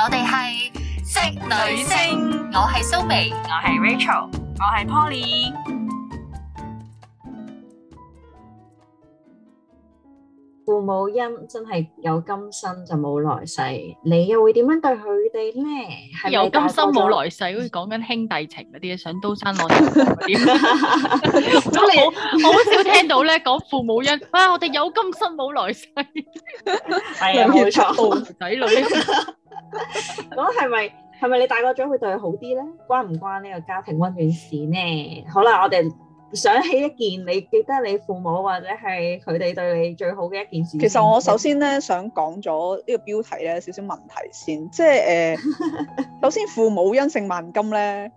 我哋係職女聲，女性，我係蘇眉，我係 Rachel，我係 Polly。父母恩真係有今生就冇來世，你又會點樣對佢哋咧？有今生冇來世，好似講緊兄弟情嗰啲嘢，上刀山落點？我好少聽到咧講父母恩，哇！我哋有今生冇來世，係啊冇錯，父仔女，咁係咪係咪你大個咗會對佢好啲咧？關唔關呢個家庭溫暖事咧？好啦，我哋。想起一件你記得你父母或者係佢哋對你最好嘅一件事。其實我首先咧 想講咗呢個標題咧少少問題先，即係誒，呃、 首先父母恩勝萬金咧，呢、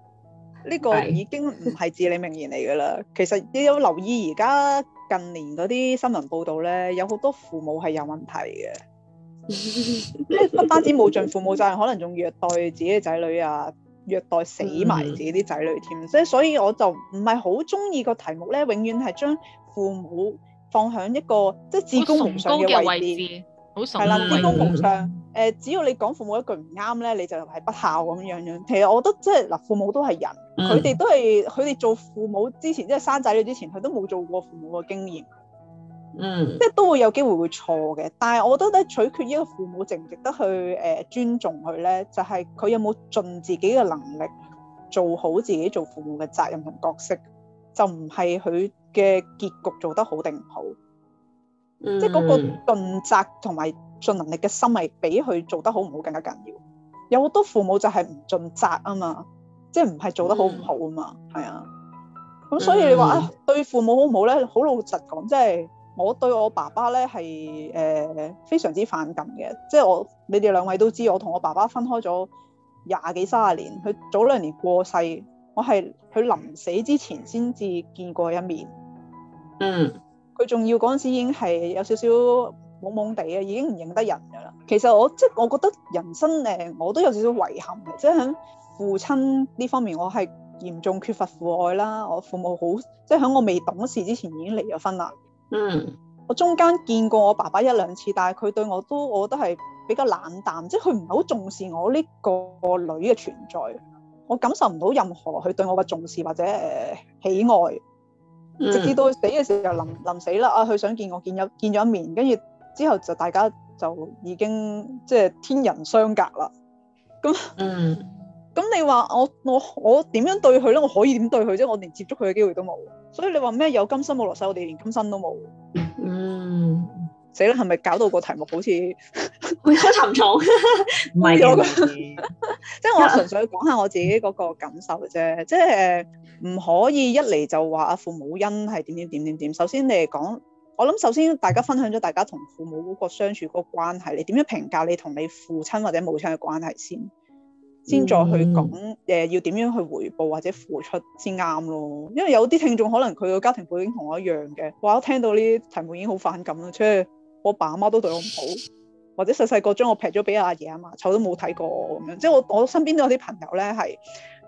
呢個已經唔係至理名言嚟噶啦。 其實你有留意而家近年嗰啲新聞報道咧，有好多父母係有問題嘅， 即係不單止冇盡父母責任，可能仲虐待自己嘅仔女啊。虐待死埋自己啲仔女添，所以、嗯、所以我就唔係好中意個題目咧，永遠係將父母放喺一個即係至高無上嘅位置，係啦，至高無上。誒、呃，只要你講父母一句唔啱咧，你就係不孝咁樣樣樣。其實我覺得即係嗱，父母都係人，佢哋、嗯、都係佢哋做父母之前，即係生仔女之前，佢都冇做過父母嘅經驗。嗯，即係都會有機會會錯嘅，但係我覺得咧，取決呢個父母值唔值得去誒、呃、尊重佢咧，就係、是、佢有冇盡自己嘅能力做好自己做父母嘅責任同角色，就唔係佢嘅結局做得好定唔好。嗯、即係嗰個盡責同埋盡能力嘅心，係比佢做得好唔好更加緊要。有好多父母就係唔盡責啊嘛，即係唔係做得好唔好啊嘛，係、嗯、啊。咁所以你話、嗯、啊，對父母好唔好咧？好老實講，即係。我對我爸爸咧係誒非常之反感嘅，即係我你哋兩位都知，我同我爸爸分開咗廿幾三十年。佢早兩年過世，我係佢臨死之前先至見過一面。嗯，佢仲要嗰陣時已經係有少少懵懵地啊，已經唔認得人㗎啦。其實我即係我覺得人生誒，呃，我都有少少遺憾嘅，即係喺父親呢方面，我係嚴重缺乏父愛啦。我父母好即係喺我未懂事之前已經離咗婚啦。嗯，mm hmm. 我中間見過我爸爸一兩次，但係佢對我都，我覺得係比較冷淡，即係佢唔係好重視我呢個女嘅存在，我感受唔到任何佢對我嘅重視或者誒、呃、喜愛，mm hmm. 直至到佢死嘅時候就臨臨死啦，啊，佢想見我，見一見咗一面，跟住之後就大家就已經即係天人相隔啦，咁嗯。Mm hmm. 咁你話我我我點樣對佢咧？我可以點對佢啫？我連接觸佢嘅機會都冇。所以你話咩？有今生冇落世，我哋連今生都冇。嗯，死啦！係咪搞到個題目好似好沉重？唔係嘅，即 係 我純粹講下我自己嗰個感受啫。即係唔可以一嚟就話啊父母恩係點點點點點。首先你嚟講，我諗首先大家分享咗大家同父母嗰個相處嗰個關係，你點樣評價你同你父親或者母親嘅關係先？先再去講，誒、呃、要點樣去回報或者付出先啱咯。因為有啲聽眾可能佢個家庭背景同我一樣嘅，哇！聽到呢啲題目已經好反感啦。即、就、係、是、我爸阿媽都對我唔好，或者細細個將我劈咗俾阿爺阿嫲，湊都冇睇過我咁樣。即、就、係、是、我我身邊都有啲朋友咧，係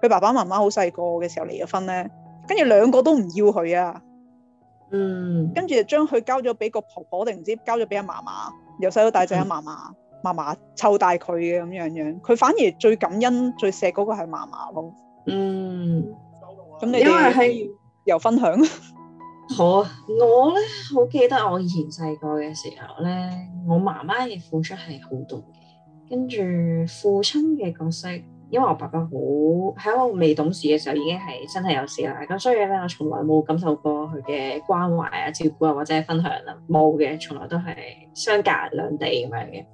佢爸爸媽媽好細個嘅時候離咗婚咧，跟住兩個都唔要佢啊。嗯，跟住就將佢交咗俾個婆婆，定唔知交咗俾阿嫲嫲，由細到大就係阿嫲嫲。嗯嫲嫲湊大佢嘅咁樣樣，佢反而最感恩最錫嗰個係嫲嫲咯。嗯，咁你哋因為係由分享。好啊，我咧好記得我以前細個嘅時候咧，我媽媽嘅付出係好多嘅。跟住父親嘅角色，因為我爸爸好喺我未懂事嘅時候已經係真係有事啦。咁所以咧，我從來冇感受過佢嘅關懷啊、照顧啊，或者係分享啦，冇嘅。從來都係相隔兩地咁樣嘅。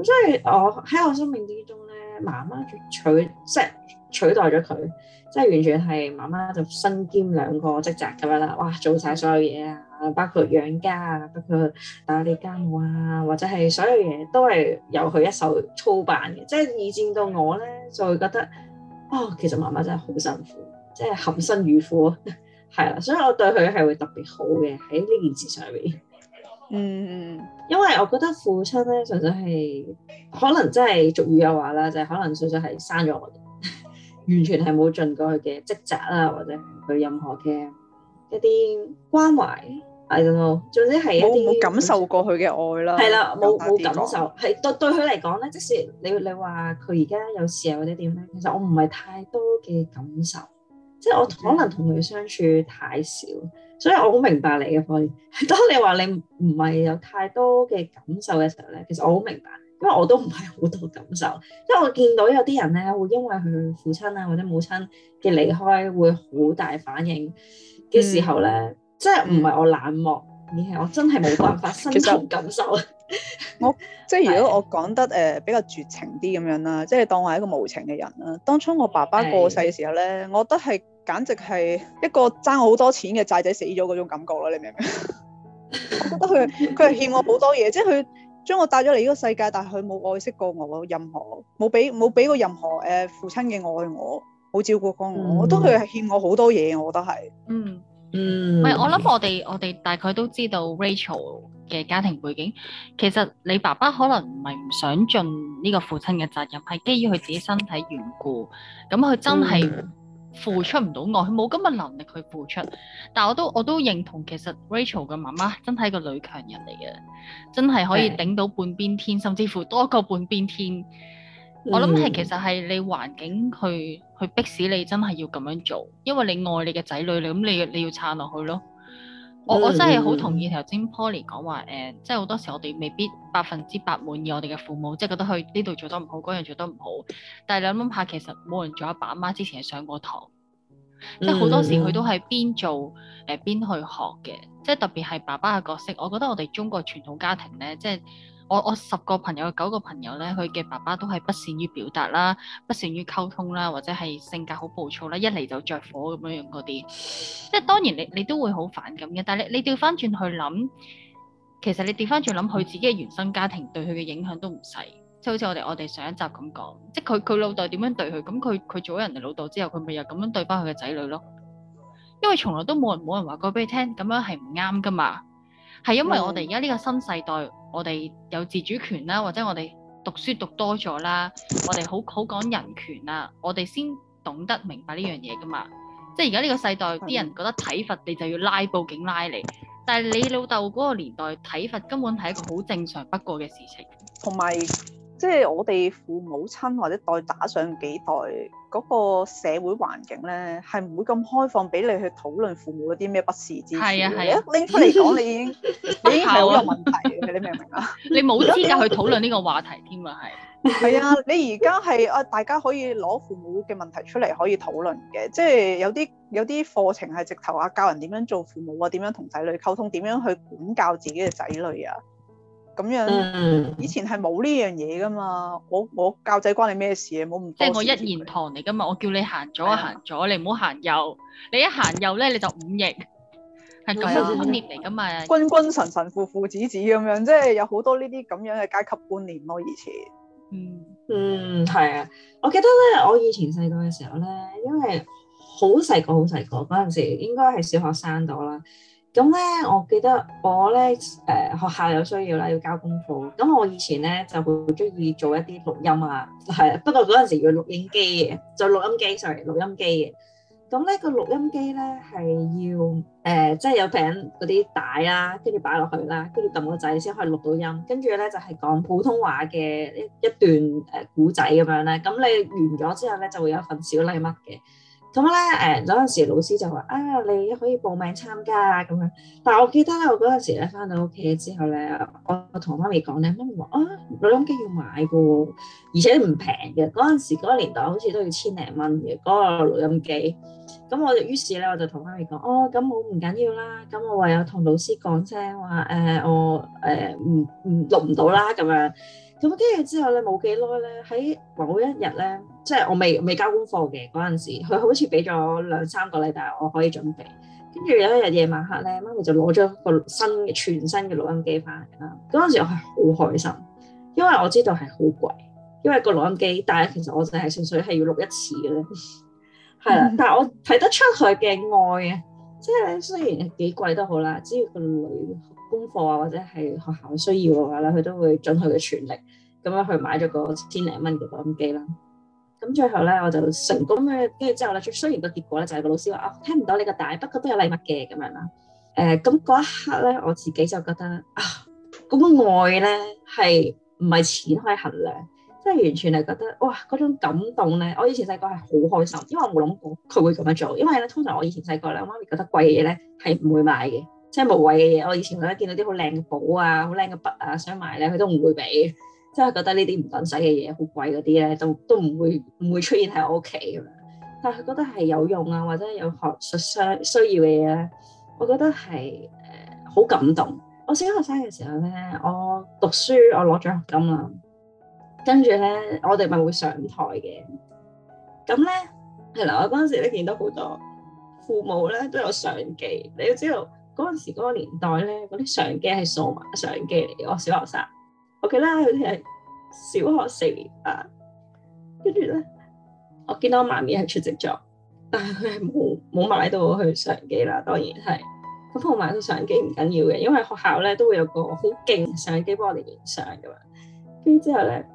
咁所以我喺我生命之中咧，媽媽取即係取代咗佢，即係完全係媽媽就身兼兩個職責咁樣啦。哇，做晒所有嘢啊，包括養家啊，包括打理家務啊，或者係所有嘢都係由佢一手操辦嘅。即係而見到我咧，就會覺得哦，其實媽媽真係好辛苦，即係含辛茹苦，係 啦。所以我對佢係會特別好嘅喺呢件事上面。嗯，因為我覺得父親咧，純粹係可能真係俗語嘅話啦，就係、是、可能純粹係生咗我， 完全係冇盡過佢嘅職責啦，或者係佢任何嘅一啲關懷，係咁咯。總之係一啲冇感受過佢嘅愛啦。係啦沒，冇冇感受，係對對佢嚟講咧，即使你你話佢而家有事啊或者點咧，其實我唔係太多嘅感受，即、就、係、是、我可能同佢相處太少。所以我好明白你嘅 Fiona。當你話你唔係有太多嘅感受嘅時候咧，其實我好明白，因為我都唔係好多感受。因為我見到有啲人咧，會因為佢父親啊或者母親嘅離開會好大反應嘅時候咧，即係唔係我冷漠，而係我真係冇辦法深層感受啊。我 即係如果我講得誒比較絕情啲咁樣啦， 是即係當我係一個無情嘅人啦。當初我爸爸過世嘅時候咧，是我都係。簡直係一個爭我好多錢嘅債仔死咗嗰種感覺咯，你明唔明？ 我覺得佢佢係欠我好多嘢， 即係佢將我帶咗嚟呢個世界，但係佢冇愛惜過我任何，冇俾冇俾過任何誒、呃、父親嘅愛我，冇照顧過我，我覺得佢係欠我好多嘢，我覺得係。嗯嗯，唔係我諗，我哋我哋大概都知道 Rachel 嘅家庭背景。其實你爸爸可能唔係唔想盡呢個父親嘅責任，係基於佢自己身體緣故。咁佢真係、嗯。付出唔到愛，佢冇咁嘅能力去付出。但我都我都認同，其實 Rachel 嘅媽媽真係個女強人嚟嘅，真係可以頂到半邊天，甚至乎多過半邊天。我諗係、嗯、其實係你環境去去逼使你真係要咁樣做，因為你愛你嘅仔女，你咁你要你要撐落去咯。我我真係好同意頭先 Poly 講話，誒、呃，即係好多時我哋未必百分之百滿意我哋嘅父母，即係覺得佢呢度做得唔好，嗰樣做得唔好。但係你諗諗下，其實冇人做阿爸阿媽之前係上過堂，即係好多時佢都係邊做誒、呃、邊去學嘅，即係特別係爸爸嘅角色。我覺得我哋中國傳統家庭咧，即係。我我十個朋友九個朋友咧，佢嘅爸爸都係不善於表達啦，不善於溝通啦，或者係性格好暴躁啦，一嚟就着火咁樣樣嗰啲。即係當然你，你你都會好反感嘅。但係你你調翻轉去諗，其實你調翻轉諗佢自己嘅原生家庭對佢嘅影響都唔細。即係好似我哋我哋上一集咁講，即係佢佢老豆點樣對佢，咁佢佢做咗人哋老豆之後，佢咪又咁樣對翻佢嘅仔女咯？因為從來都冇人冇人話過俾你聽，咁樣係唔啱㗎嘛。係因為我哋而家呢個新世代。嗯我哋有自主權啦，或者我哋讀書讀多咗啦，我哋好好講人權啦，我哋先懂得明白呢樣嘢㗎嘛。即係而家呢個世代啲、嗯、人覺得體罰，你就要拉報警拉你。但係你老豆嗰個年代體罰根本係一個好正常不過嘅事情，同埋，即係我哋父母親或者代打上幾代嗰、嗰個社會環境咧，係唔會咁開放俾你去討論父母嗰啲咩不是之處。啊係啊，拎、啊、出嚟講你已經 你已經係好有問題， 你明唔明啊？ 啊？你冇資格去討論呢個話題添，係係啊！你而家係啊，大家可以攞父母嘅問題出嚟可以討論嘅，即係有啲有啲課程係直頭啊，教人點樣做父母啊，點樣同仔女溝通，點樣去管教自己嘅仔女啊。咁樣，以前係冇呢樣嘢噶嘛？我我教仔關你咩事啊？冇咁即係我一言堂嚟噶嘛？我叫你行左啊行左，的你唔好行右。你一行右咧，你就五逆。係咁樣！觀念嚟噶嘛？君君臣臣，父父子子咁樣，即係有好多呢啲咁樣嘅階級觀念咯、啊。以前，嗯嗯係啊！我記得咧，我以前細個嘅時候咧，因為好細個好細個嗰陣時,時，時應該係小學生到啦。咁咧，我記得我咧，誒、呃、學校有需要啦，要交功課。咁我以前咧就好中意做一啲錄音啊，係，不過嗰陣時要錄，錄音機嘅，就錄音機 sorry，錄音機嘅。咁咧、個錄音機咧係要誒、呃，即係有頂嗰啲帶啦，跟住擺落去啦，跟住揼個掣先可以錄到音。跟住咧就係、是、講普通話嘅一一段誒古仔咁樣咧。咁你完咗之後咧就會有一份小禮物嘅。咁咧誒，嗰陣時老師就話啊，你可以報名參加啊。咁樣。但係我記得咧，我嗰陣時咧翻到屋企之後咧，我我同媽咪講咧，媽咪話啊，錄音機要買嘅，而且唔平嘅。嗰陣時嗰、嗰個、年代好似都要千零蚊嘅嗰個錄音機。咁我，我就於是咧我就同媽咪講，哦、啊，咁冇唔緊要啦。咁我唯有同老師講聲話，誒、啊、我誒唔唔錄唔到啦咁樣。咁跟住之後咧，冇幾耐咧，喺某一日咧，即係我未未交功課嘅嗰陣時，佢好似俾咗兩三個禮拜我可以準備。跟住有一日夜晚黑咧，媽咪就攞咗個新嘅全新嘅錄音機翻嚟啦。嗰陣時我係好開心，因為我知道係好貴，因為個錄音機。但係其實我淨係純粹係要錄一次嘅啫，係啦。嗯、但係我睇得出佢嘅愛啊，即係雖然係幾貴都好啦，只要個女，功課啊，或者係學校需要嘅話咧，佢都會盡佢嘅全力，咁樣去買咗個千零蚊嘅錄音機啦。咁最後咧，我就成功嘅，跟住之後咧，最雖然個結果咧，就係、是、個老師話啊、哦，聽唔到你個帶，不過都有禮物嘅咁樣啦。誒、呃，咁嗰一刻咧，我自己就覺得啊，咁嘅愛咧係唔係錢可以衡量，即係完全係覺得哇，嗰種感動咧，我以前細個係好開心，因為我冇諗過佢會咁樣做，因為咧通常我以前細個咧，我媽咪覺得貴嘅嘢咧係唔會買嘅。即係無謂嘅嘢，我以前覺得見到啲好靚嘅簿啊、好靚嘅筆啊，想買咧，佢都唔會俾。即係覺得呢啲唔等使嘅嘢好貴嗰啲咧，都都唔會唔會出現喺我屋企咁樣。但係佢覺得係有用啊，或者有學術上需要嘅嘢咧，我覺得係誒好感動。我小學生嘅時候咧，我讀書我攞獎學金啦，跟住咧我哋咪會上台嘅。咁咧係啦，我嗰陣時咧見到好多父母咧都有相機，你要知道。嗰陣時嗰個年代咧，嗰啲相機係數碼相機嚟嘅。我小學生我記得佢哋係小學四年班，跟住咧，我見到我媽咪係出席咗，但係佢係冇冇買到佢相機啦。當然係咁，我買到相機唔緊要嘅，因為學校咧都會有個好勁相機幫我哋影相噶嘛。跟住之後咧，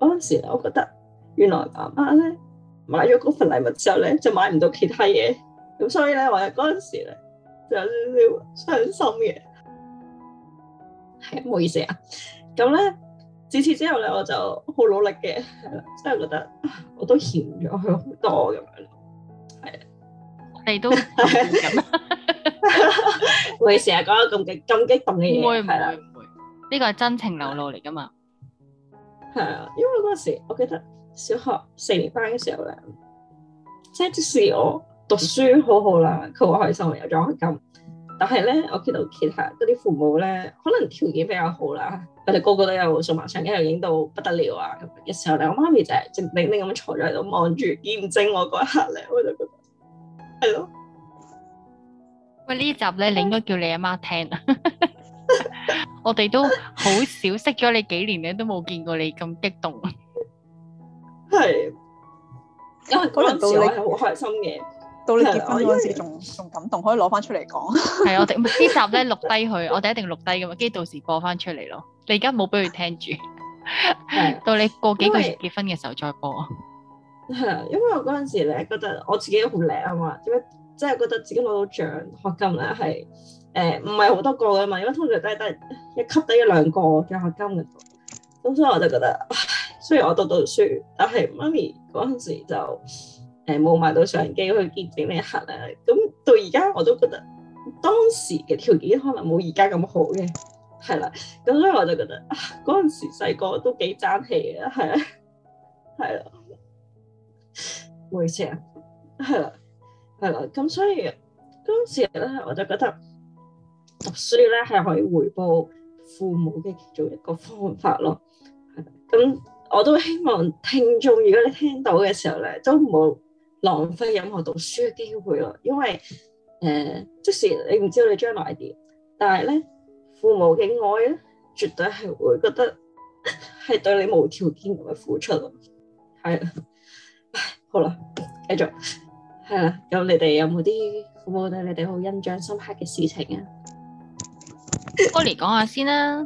嗰陣時我覺得原來阿媽咧買咗嗰份禮物之後咧就買唔到其他嘢，咁所以咧我喺嗰陣時咧。有少少傷心嘅，係 唔、哎、唔好意思啊！咁咧，自此之後咧，我就好努力嘅，係啦，即係覺得我都欠咗佢好多咁樣咯，係你都係咁，我哋成日講咁激咁激動嘅嘢，唔會唔會唔會，呢個係真情流露嚟噶嘛，係啊，因為嗰時我記得小學四年班嘅時候咧，即係即使我。讀書好好啦，佢好開心，有獎金。但係咧，我見到其他嗰啲父母咧，可能條件比較好啦，我哋個個都有數碼相機，跟住影到不得了啊。嘅時候咧，我媽咪就靜靜咁坐咗喺度望住，見證我嗰一刻咧，我就覺得係咯。喂，呢集咧，你應該叫你阿媽聽。我哋都好少識咗你幾年咧，都冇見過你咁激動。係， 因為嗰陣時我係好開心嘅。到你結婚嗰陣時，仲仲感動，可以攞翻出嚟講。係， 我哋呢集咧錄低佢，我哋一定錄低㗎嘛。跟住到時播翻出嚟咯。你而家冇俾佢聽住， 到你過幾個月結婚嘅時候再播。係啊，因為我嗰陣時咧覺得我自己都好叻啊嘛，點解？即係覺得自己攞到獎學金咧係誒，唔係好多個嘅嘛，因為通常都係得一級低一兩個獎學金嘅。咁所以我就覺得，雖然我讀到書，但係媽咪嗰陣時就。誒冇買到相機去見你一刻咧，咁到而家我都覺得當時嘅條件可能冇而家咁好嘅，係啦，咁所以我就覺得嗰陣、啊、時細個都幾爭氣嘅，係啊，係啊，冇嘢啊，係啦，係啦，咁所以嗰陣時咧，我就覺得讀書咧係可以回報父母嘅其中一個方法咯，咁我都希望聽眾如果你聽到嘅時候咧，都唔好，浪費任何讀書嘅機會咯，因為誒、呃，即使你唔知道你將來係點，但係咧，父母嘅愛咧，絕對係會覺得係對你無條件咁嘅付出咯。係，唉，好啦，繼續係啦。咁你哋有冇啲父母對你哋好印象深刻嘅事情啊？Annie 講下先啦。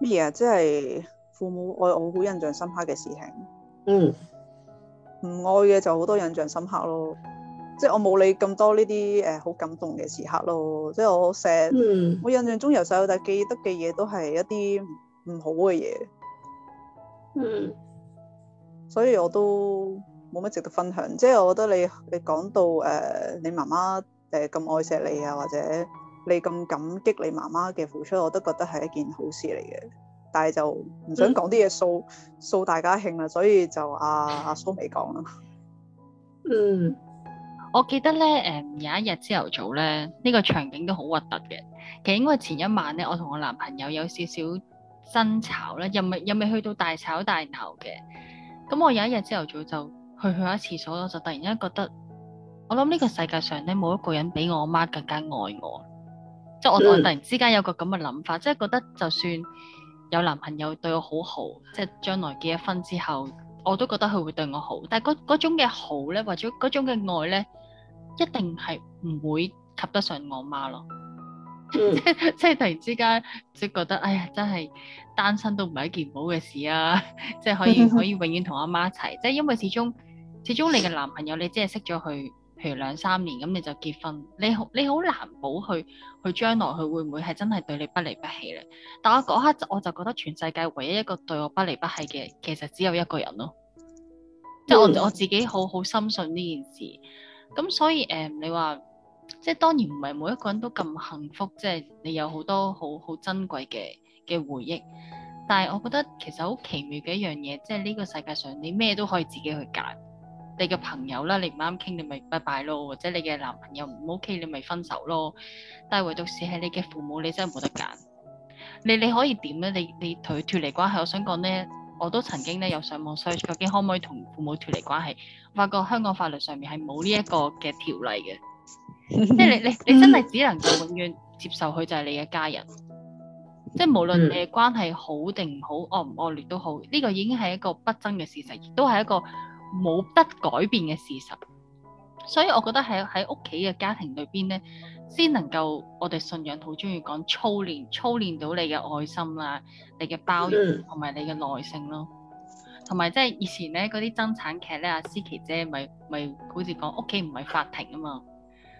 咩啊？即係父母愛我好印象深刻嘅事情。嗯。 嗯唔愛嘅就好多印象深刻咯，即係我冇你咁多呢啲誒好感動嘅時刻咯，即係我好錫，我印象中由細到大記得嘅嘢都係一啲唔好嘅嘢。嗯，所以我都冇乜值得分享。即係我覺得你你講到誒、呃、你媽媽誒咁、呃、愛錫你啊，或者你咁感激你媽媽嘅付出，我都覺得係一件好事嚟嘅。但係就唔想講啲嘢，掃掃大家興啦，所以就阿阿蘇未講啦。嗯，我記得咧，誒有一日朝頭早咧，呢、這個場景都好核突嘅。其實因為前一晚咧，我同我男朋友有少少爭吵咧，又未又未去到大吵大鬧嘅。咁我有一日朝頭早就去去咗一次廁所咯，我就突然間覺得，我諗呢個世界上咧冇一個人比我阿媽更加愛我，即係我我突然之間有個咁嘅諗法，即係、嗯、覺得就算，有男朋友對我好好，即係將來結咗婚之後，我都覺得佢會對我好。但係嗰種嘅好呢，或者嗰種嘅愛呢，一定係唔會及得上我媽咯。即係 突然之間即係覺得，哎呀，真係單身都唔係一件唔好嘅事啊！即 係可以可以永遠同阿媽，媽一齊。即係因為始終始終你嘅男朋友，你只係識咗佢。譬如兩三年咁你就結婚，你好你好難保佢，佢將來佢會唔會係真係對你不離不棄咧？但我嗰刻我就覺得全世界唯一一個對我不離不棄嘅，其實只有一個人咯。即係、嗯、我我自己好好深信呢件事，咁所以誒、嗯，你話即係當然唔係每一個人都咁幸福，即係你有好多好好珍貴嘅嘅回憶。但係我覺得其實好奇妙嘅一樣嘢，即係呢個世界上你咩都可以自己去揀。你嘅朋友啦，你唔啱傾，你咪拜拜咯；或者你嘅男朋友唔 OK，你咪分手咯。但係唯獨是係你嘅父母，你真係冇得揀。你你可以點咧？你你同佢脫離關係，我想講咧，我都曾經咧有上網 search，究竟可唔可以同父母脫離關係？我發覺香港法律上面係冇呢一個嘅條例嘅，即係 你你你真係只能夠永遠接受佢就係你嘅家人。 即係無論你嘅關係好定唔好，惡唔惡劣都好，呢、這個已經係一個不爭嘅事實，亦都係一個。冇得改變嘅事實，所以我覺得喺喺屋企嘅家庭裏邊咧，先能夠我哋信仰好中意講操練，操練到你嘅愛心啦，你嘅包容同埋、嗯、你嘅耐性咯。同埋即係以前咧，嗰啲爭產劇咧，阿、啊、思琪姐咪咪好似講屋企唔係法庭啊嘛，嗯、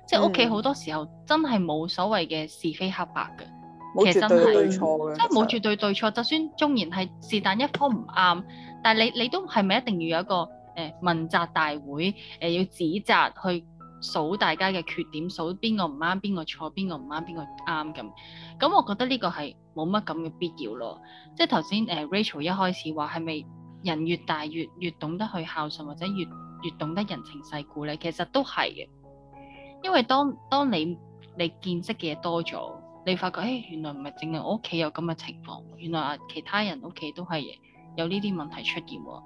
即係屋企好多時候真係冇所謂嘅是非黑白嘅、嗯，其實真係對錯嘅，即係冇絕對對錯。就算縱然係是但一方唔啱，但係你你，你都係咪一定要有一個？誒、呃、問責大會，誒、呃、要指責去數大家嘅缺點，數邊個唔啱，邊個錯，邊個唔啱，邊個啱咁。咁我覺得呢個係冇乜咁嘅必要咯。即係頭先誒 Rachel 一開始話係咪人越大越越懂得去孝順，或者越越懂得人情世故咧？其實都係嘅，因為當當你你見識嘅嘢多咗，你發覺誒、欸、原來唔係淨係我屋企有咁嘅情況，原來啊其他人屋企都係有呢啲問題出現喎。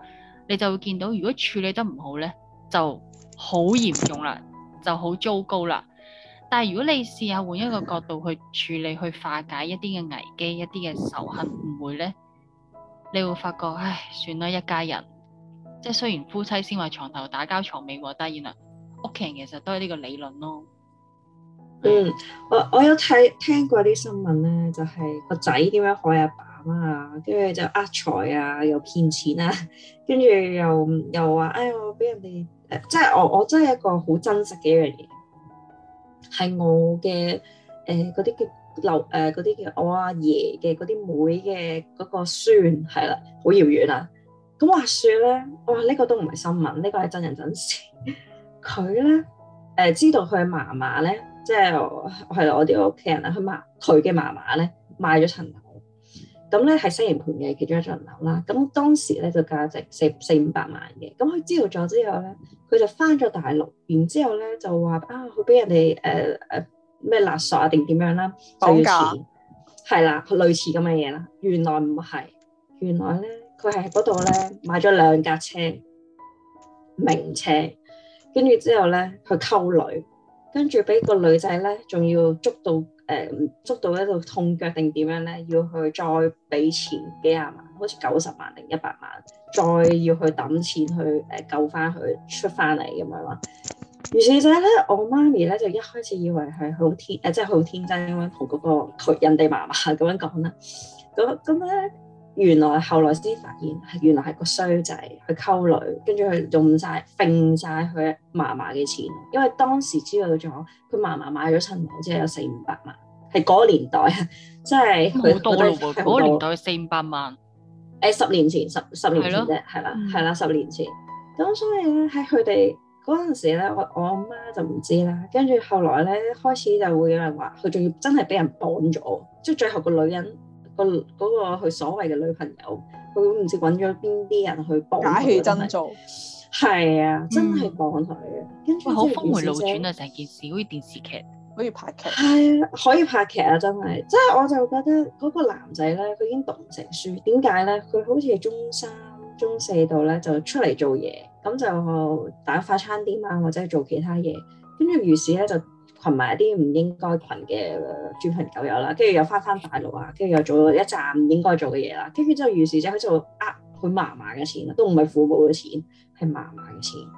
你就會見到，如果處理得唔好咧，就好嚴重啦，就好糟糕啦。但係如果你試下換一個角度去處理，去化解一啲嘅危機、一啲嘅仇恨、誤會咧，你會發覺，唉，算啦，一家人，即係雖然夫妻先話床頭打交，床尾和，但係原來屋企人其實都係呢個理論咯。嗯，我我有睇聽過啲新聞咧，就係個仔點樣害阿哎呃呃呃、啊，啊！跟住就呃財啊，又騙錢啊，跟住又又話哎我俾人哋誒，即係我我真係一個好真實嘅一樣嘢，係我嘅誒嗰啲叫留誒嗰啲叫我阿爺嘅嗰啲妹嘅嗰個孫係啦，好遙遠啦。咁話説咧，哇！呢、這個都唔係新聞，呢、這個係真人真事。佢咧誒知道佢阿嫲嫲咧，即係係我哋屋企人啦。佢嫲佢嘅嫲嫲咧賣咗層樓。咁咧係西營盤嘅其中一層樓啦，咁當時咧就價值四四五百萬嘅，咁佢知道咗之後咧，佢就翻咗大陸，然之後咧就話啊，佢俾人哋誒誒咩勒索啊定點樣啦，賭賊，係啦教，類似咁嘅嘢啦，原來唔係，原來咧佢係喺嗰度咧買咗兩架車，名車，跟住之後咧佢溝女，跟住俾個女仔咧仲要捉到。誒捉到一度痛腳定點樣咧，要去再俾錢幾廿萬，好似九十萬定一百萬，再要去揼錢去誒救翻佢出翻嚟咁樣咯。於是就咧，我媽咪咧就一開始以為係佢好天誒，即係好天真咁樣同嗰個佢人哋媽媽咁樣講啦。咁咁咧。原來後來先發現係原來係個衰仔去溝女，跟住佢用晒、揈晒佢嫲嫲嘅錢。因為當時知道咗，佢嫲嫲買咗新房，即係有四五百萬，係嗰、嗯、年代啊，即係好嗰啲太多。年代四五百萬，誒十年前，十十年前啫，係啦係啦十年前。咁、嗯、所以咧喺佢哋嗰陣時咧，我我阿媽就唔知啦。跟住後來咧開始就會有人話佢仲要真係俾人綁咗，即係最後個女人。個嗰個佢所謂嘅女朋友，佢唔知揾咗邊啲人去綁，假戲真做，係啊，真係綁佢。嗯、跟住好峰迴路轉啊！成件事好似電視劇，好似拍劇。係啊，可以拍劇啊！真係，即係我就覺得嗰個男仔咧，佢已經讀唔成書。點解咧？佢好似係中三、中四度咧就出嚟做嘢，咁就打快餐店啊，或者係做其他嘢。跟住於是咧就。群埋一啲唔應該群嘅豬朋狗友啦，跟住又翻返大陸啊，跟住又做咗一陣唔應該做嘅嘢啦，跟住之後於是就喺度呃佢嫲嫲嘅錢啦，都唔係父母嘅錢，係嫲嫲嘅錢。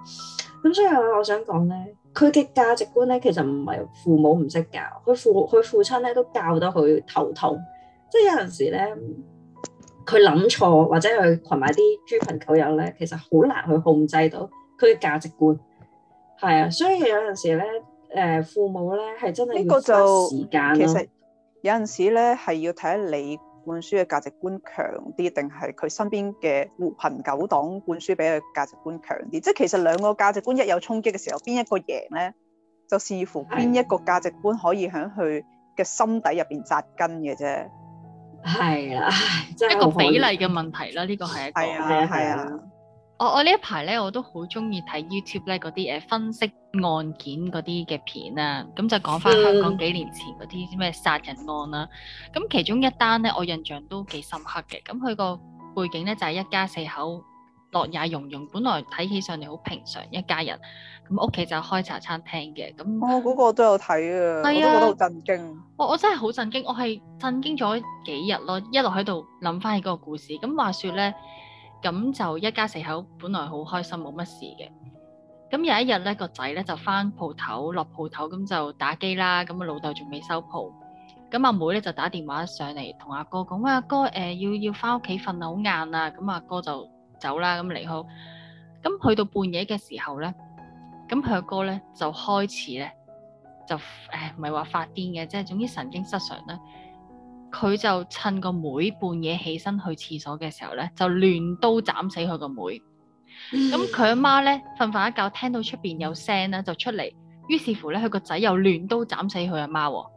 咁所以我想講咧，佢嘅價值觀咧其實唔係父母唔識教，佢父佢父親咧都教到佢頭痛。即係有陣時咧，佢諗錯或者佢群埋啲豬朋狗友咧，其實好難去控制到佢嘅價值觀。係啊，所以有陣時咧。誒父母咧係真係要花時間咯啊。其實有陣時咧係要睇下你灌輸嘅價值觀強啲，定係佢身邊嘅狐朋狗黨灌輸俾佢價值觀強啲。即係其實兩個價值觀一有衝擊嘅時候，邊一個贏咧，就視乎邊一個價值觀可以喺佢嘅心底入邊扎根嘅啫。係啊，即係一個比例嘅問題啦。呢個係一個咩係啊？哦、我我呢一排咧，我都好中意睇 YouTube 咧嗰啲誒分析案件嗰啲嘅片啊。咁就講翻香港幾年前嗰啲咩殺人案啦、啊。咁其中一單咧，我印象都幾深刻嘅。咁佢個背景咧就係、是、一家四口樂也融融，本來睇起上嚟好平常一家人。咁屋企就開茶餐廳嘅。咁、哦那個、我嗰個都有睇啊，我都覺得好震、哦、震驚。我真係好震驚，我係震驚咗幾日咯，一路喺度諗翻起嗰個故事。咁話說咧。咁就一家四口，本來好開心，冇乜事嘅。咁有一日咧，個仔咧就翻鋪頭落鋪頭，咁就打機啦。咁啊老豆仲未收鋪，咁阿妹咧就打電話上嚟同阿哥講：喂，阿哥，誒、呃、要要翻屋企瞓，好晏啊！咁阿哥，哥就走啦，咁嚟好。咁去到半夜嘅時候咧，咁佢阿哥咧就開始咧就誒，唔係話發癲嘅，即係總之神經失常咧。佢就趁個妹半夜起身去廁所嘅時候咧，就亂刀斬死佢個妹，妹。咁佢阿媽咧瞓瞓一覺，聽到出邊有聲啦，就出嚟。於是乎咧，佢個仔又亂刀斬死佢阿媽。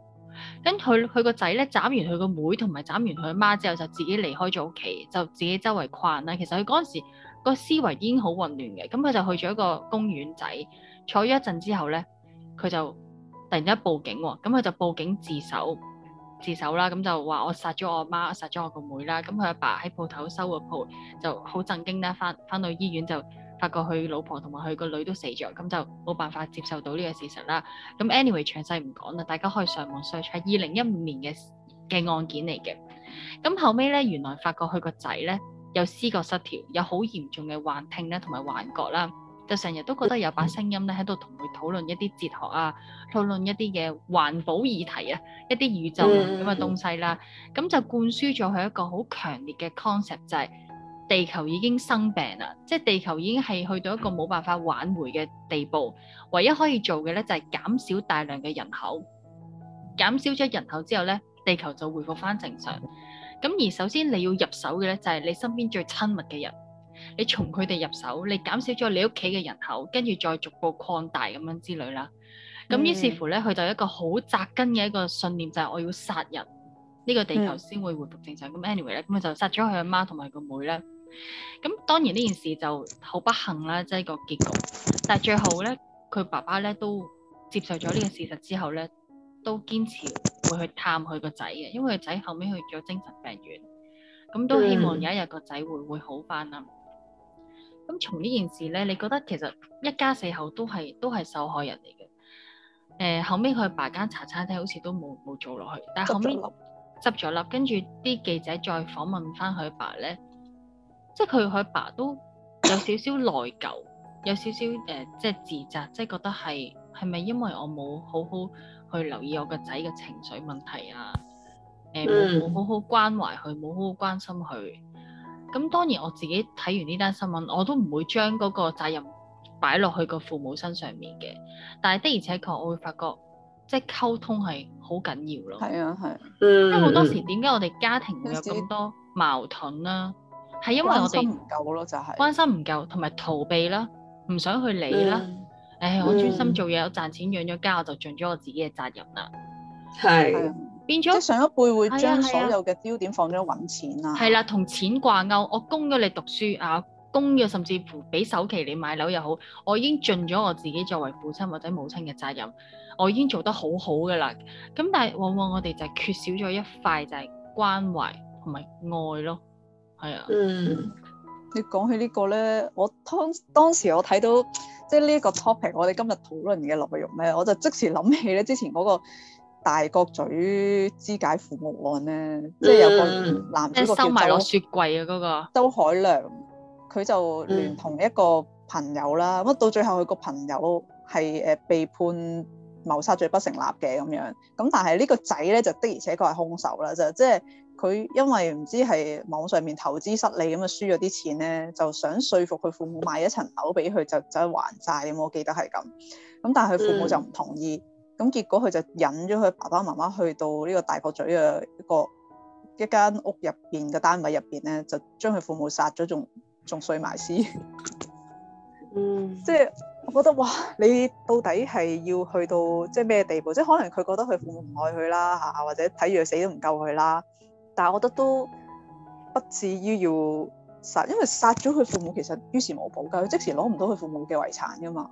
跟住佢佢個仔咧斬完佢個妹同埋斬完佢阿媽之後，就自己離開咗屋企，就自己周圍逛啦。其實佢嗰陣時個思維已經好混亂嘅。咁佢就去咗一個公園仔，坐咗一陣之後咧，佢就突然之間報警喎。咁佢就報警自首。自首啦，咁就話我殺咗我媽，殺咗我個妹啦。咁佢阿爸喺鋪頭收個鋪就好震驚啦。翻翻到醫院就發覺佢老婆同埋佢個女都死咗，咁就冇辦法接受到呢個事實啦。咁 anyway 詳細唔講啦，大家可以上網 search。二零一五年嘅嘅案件嚟嘅，咁後尾咧原來發覺佢個仔咧有思覺失調，有好嚴重嘅幻聽咧同埋幻覺啦。就成日都覺得有把聲音咧喺度同佢討論一啲哲學啊，討論一啲嘅環保議題啊，一啲宇宙咁嘅東西啦、啊。咁就灌輸咗佢一個好強烈嘅 concept，就係、是、地球已經生病啦，即、就、係、是、地球已經係去到一個冇辦法挽回嘅地步，唯一可以做嘅咧就係、是、減少大量嘅人口，減少咗人口之後咧，地球就回復翻正常。咁而首先你要入手嘅咧就係、是、你身邊最親密嘅人。你從佢哋入手，你減少咗你屋企嘅人口，跟住再逐步擴大咁樣之類啦。咁、mm hmm. 於是乎咧，佢就一個好扎根嘅一個信念，就係、是、我要殺人呢個地球先會回復正常。咁 anyway 咧，咁、hmm. 就殺咗佢阿媽同埋個妹咧。咁當然呢件事就好不幸啦，即、就、係、是、個結局。但係最後咧，佢爸爸咧都接受咗呢個事實之後咧，都堅持會去探佢個仔嘅，因為個仔後尾去咗精神病院，咁都希望有一日個仔會會好翻啊。Mm hmm. 咁從呢件事咧，你覺得其實一家四口都係都係受害人嚟嘅。誒、呃、後尾佢爸間茶餐廳好似都冇冇做落去，但係後尾執咗笠，跟住啲記者再訪問翻佢爸咧，即係佢佢爸都有少少內疚， 有少少誒、呃、即係自責，即係覺得係係咪因為我冇好好去留意我個仔嘅情緒問題啊？誒、呃、冇好好關懷佢，冇、嗯、好好關心佢。咁當然我自己睇完呢單新聞，我都唔會將嗰個責任擺落去個父母身上面嘅。但係的而且確，我會發覺即係、就係、溝通係好緊要咯。係啊係啊，啊嗯、因為好多時點解我哋家庭會有咁多矛盾啦，係因為我哋關心唔夠咯、就係，就係關心唔夠，同埋逃避啦，唔想去理啦。嗯、唉，我專心做嘢，我、嗯、賺錢養咗家，我就盡咗我自己嘅責任啦。係、啊。變咗，即係上一輩會將所有嘅焦點放咗喺揾錢啦、啊。係啦、啊，同、啊、錢掛鈎。我供咗你讀書啊，供咗甚至乎俾首期你買樓又好，我已經盡咗我自己作為父親或者母親嘅責任，我已經做得好好㗎啦。咁但係往往我哋就係缺少咗一塊就係關懷同埋愛咯。係啊。嗯，嗯，你講起個呢個咧，我當當時我睇到即係呢一個 topic，我哋今日討論嘅內容咧，我就即時諗起咧之前嗰、嗰個。大角咀肢解父母案咧，即係有個男主角、嗯、叫周雪櫃啊，嗰、那個周海良，佢就聯同一個朋友啦，咁、嗯、到最後佢個朋友係誒被判謀殺罪不成立嘅咁樣，咁但係呢個仔咧就的而且確係兇手啦，就即係佢因為唔知係網上面投資失利咁啊，輸咗啲錢咧，就想説服佢父母買一層樓俾佢就走去還債咁，我記得係咁，咁但係佢父母就唔同意。嗯咁結果佢就引咗佢爸爸媽媽去到呢個大角咀嘅一個一間屋入邊嘅單位入邊咧，就將佢父母殺咗，仲仲碎埋屍。 嗯，即係我覺得哇，你到底係要去到即係咩地步？即係可能佢覺得佢父母唔愛佢啦嚇，或者睇住佢死都唔救佢啦。但係我覺得都不至於要殺，因為殺咗佢父母其實於事無補㗎，佢即時攞唔到佢父母嘅遺產㗎嘛。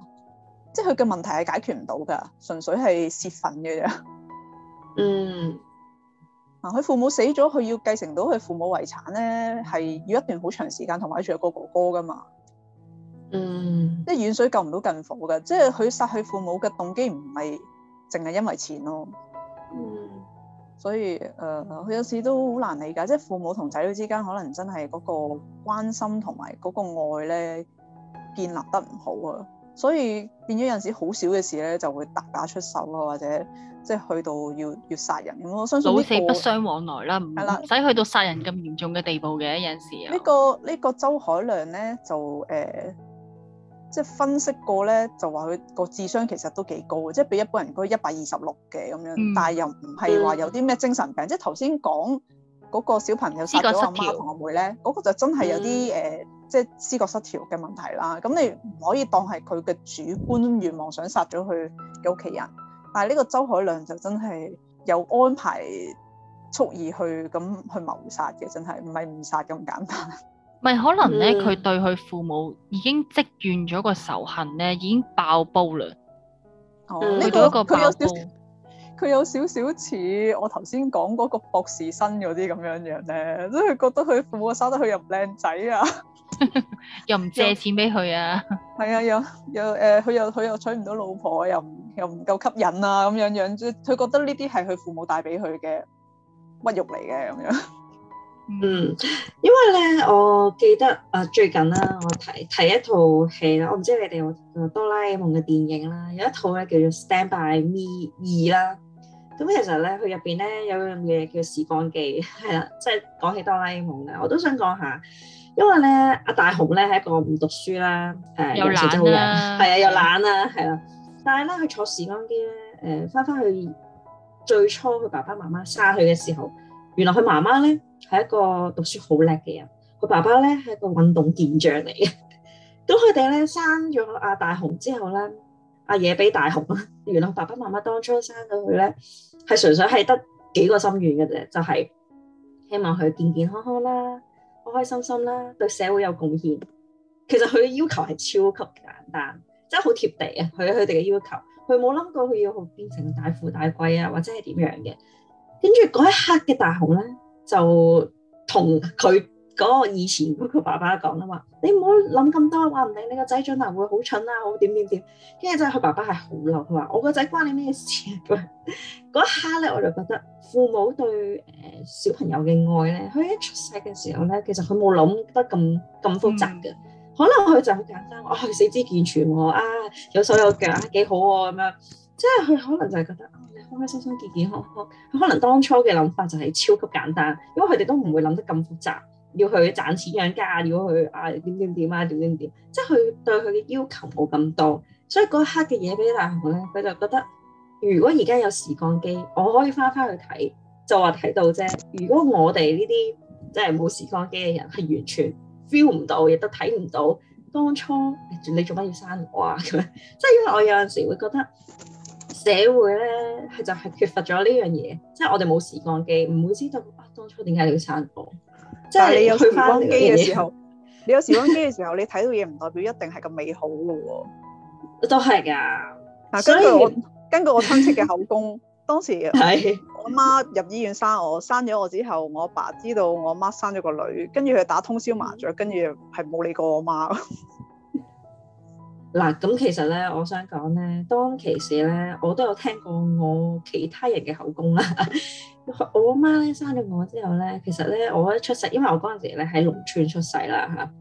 即係佢嘅問題係解決唔到噶，純粹係洩憤嘅啫。嗯，啊，佢父母死咗，佢要繼承到佢父母遺產咧，係要一段好長時間，同埋仲有一個哥哥噶嘛。嗯，即係遠水救唔到近火嘅，即係佢殺佢父母嘅動機唔係淨係因為錢咯。嗯，所以誒，佢、呃、有時都好難理解，即係父母同仔女之間可能真係嗰個關心同埋嗰個愛咧，建立得唔好啊。所以變咗有陣時好少嘅事咧就會大打，打出手咯，或者即係去到要要殺人咁。我相信、這個、老死不相往來啦，唔使了去到殺人咁嚴重嘅地步嘅有陣時啊。呢、這個呢、這個周海亮咧就誒、呃，即係分析過咧就話佢個智商其實都幾高，即係比一般人高一百二十六嘅咁樣，嗯、但係又唔係話有啲咩精神病，嗯、即係頭先講。嗰個小朋友殺咗阿媽同阿妹咧，嗰個就真係有啲誒，即係思覺失調嘅、嗯呃、問題啦。咁你唔可以當係佢嘅主觀願望想殺咗佢嘅屋企人，但係呢個周凱亮就真係有安排蓄意去咁去，去謀殺嘅，真係唔係誤殺咁簡單。咪可能咧，佢對佢父母已經積怨咗個仇恨咧，已經爆煲啦，你到、哦嗯、一個爆煲。佢有少少似我頭先講嗰個博士生嗰啲咁樣樣咧，即係佢覺得佢父母生得佢又唔靚仔啊， 又唔借錢俾佢啊，係啊，又又誒，佢、呃、又佢又娶唔到老婆，又唔又唔夠吸引啊，咁樣樣，佢覺得呢啲係佢父母帶俾佢嘅屈辱嚟嘅咁樣。嗯，因為咧，我記得誒、呃、最近啦，我睇睇一套戲啦，我唔知你哋有冇哆啦 A 夢嘅電影啦，有一套咧叫做 Stand by Me 二啦。咁其實咧，佢入邊咧有樣嘢叫時光機，係啦，即係講起哆啦 A 夢啊，我都想講下，因為咧阿大雄咧係一個唔讀書啦，誒、呃、又懶啦，係啊又懶啊，係啦，但係咧佢坐時光機咧，誒翻翻去最初佢爸爸媽媽生佢嘅時候，原來佢媽媽咧係一個讀書好叻嘅人，佢爸爸咧係一個運動健將嚟嘅，咁佢哋咧生咗阿大雄之後咧。阿，野比大雄啊！原來爸爸媽媽當初生咗佢咧，係純粹係得幾個心願嘅啫，就係希望佢健健康康啦，開開心心啦，對社會有貢獻。其實佢嘅要求係超級簡單，真係好貼地啊！佢佢哋嘅要求，佢冇諗過佢要變成大富大貴啊，或者係點樣嘅。跟住嗰一刻嘅大雄咧，就同佢。嗰個以前佢爸爸講啦，話你唔好諗咁多，話唔定你個仔長大會好蠢啊，好點點點。跟住真係佢爸爸係好嬲，佢話我個仔關你咩事？嗰 一刻咧，我就覺得父母對誒小朋友嘅愛咧，佢一出世嘅時候咧，其實佢冇諗得咁咁複雜嘅，嗯、可能佢就好簡單，哇、哦，四肢健全喎，啊有手有腳幾、啊、好喎、啊，咁樣即係佢可能就係覺得啊，你開、哦、開心心健健康康。佢可能當初嘅諗法就係超級簡單，因為佢哋都唔會諗得咁複雜。要去賺錢養家，要去啊點點點啊點點點，即係佢對佢嘅要求冇咁多，所以嗰一刻嘅嘢俾大雄咧，佢就覺得如果而家有時光機，我可以翻返去睇，就話睇到啫。如果我哋呢啲即係冇時光機嘅人，係完全 feel 唔到，亦都睇唔到當初你做乜要生我啊？咁 樣即係因為我有陣時會覺得社會咧係就係、是、缺乏咗呢樣嘢，即係我哋冇時光機，唔會知道啊當初點解你要生我。即係你有時關機嘅時候，你,你有時關機嘅時候， 你睇到嘢唔代表一定係咁美好噶喎，都係噶。所以我根據我親戚嘅口供， 當時我阿媽入醫院生我，生咗我之後，我阿爸知道我阿媽生咗個女，跟住佢打通宵麻雀，跟住係冇理過我媽。 嗱，咁其實咧，我想講咧，當其時咧，我都有聽過我其他人嘅口供啦。 我媽咧生咗我之後咧，其實咧我一出世，因為我嗰陣時咧喺農村出世啦嚇。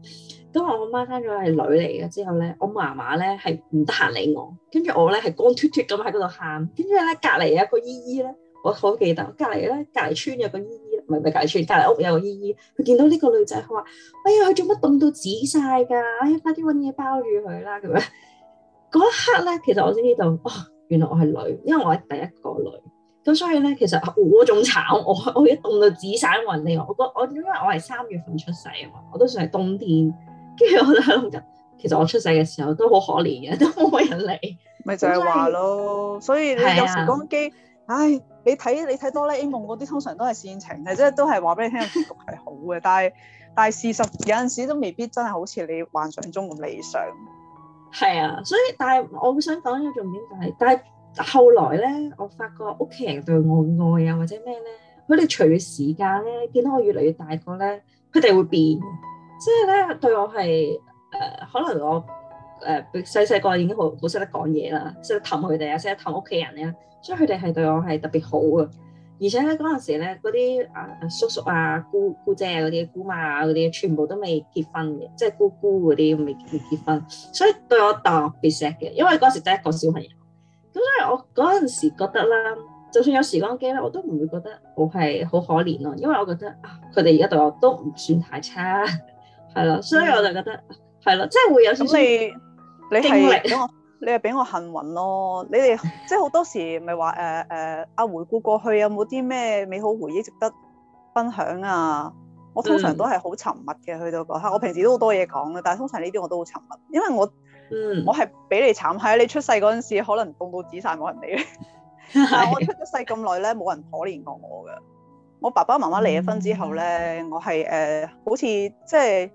咁我媽媽生咗係女嚟嘅之後咧，我嫲嫲咧係唔得閒理我，跟住我咧係光脫脫咁喺嗰度喊，跟住咧隔離有一個姨姨咧，我好記得，隔離咧隔離村有個姨。咪咪隔籬村？隔籬屋有個姨姨。佢見到呢個女仔，佢話：哎呀，佢做乜凍到紫晒㗎？哎，快啲揾嘢包住佢啦！咁樣嗰一刻咧，其實我先知道，哦，原來我係女，因為我係第一個女。咁所以咧，其實我仲慘，我我一凍到紫曬冇人理我。我我，我，我，我因為我係三月份出世啊嘛，我都算係冬天。跟住我就諗緊，其實我出世嘅時候都好可憐嘅，都冇乜人嚟。咪就係話咯，所以，所以你有時講機。唉，你睇你睇哆啦 A 夢嗰啲，通常都係煽情，係即係都係話俾你聽，結局係好嘅。 但係但係事實有陣時都未必真係好似你幻想中咁理想。係啊，所以但係我好想講嘅重點就係，但係後來咧，我發覺屋企人對我愛啊或者咩咧，佢哋隨住時，時間咧，見到我越嚟越大個咧，佢哋會變，即係咧對我係誒、呃、可能。我。誒細細個已經好好識得講嘢啦，識得氹佢哋啊，識得氹屋企人啊，所以佢哋係對我係特別好嘅。而且咧嗰陣時咧，嗰啲啊叔叔啊姑姑姐啊嗰啲姑媽啊嗰啲全部都未結婚嘅，即係姑姑嗰啲未未結婚，所以對我特別錫嘅。因為嗰時第一個小朋友，咁所以我嗰陣時覺得啦，就算有時光機咧，我都唔會覺得我係好可憐咯、啊。因為我覺得佢哋而家對我都唔算太差，係 咯，所以我就覺得係咯，即係會有少少。你係俾我，你係俾我幸運咯。你哋即係好多時咪話誒誒啊，回顧過去有冇啲咩美好回憶值得分享啊？我通常都係好沉默嘅，去到嗰刻，我平時都好多嘢講嘅，但係通常呢啲我都好沉默，因為我、嗯、我係比你慘，喺你出世嗰陣時，可能凍到指晒冇人理。但我出咗世咁耐咧，冇人可憐過我㗎。我爸爸媽媽離咗婚之後咧，嗯、我係誒、呃、好似即係。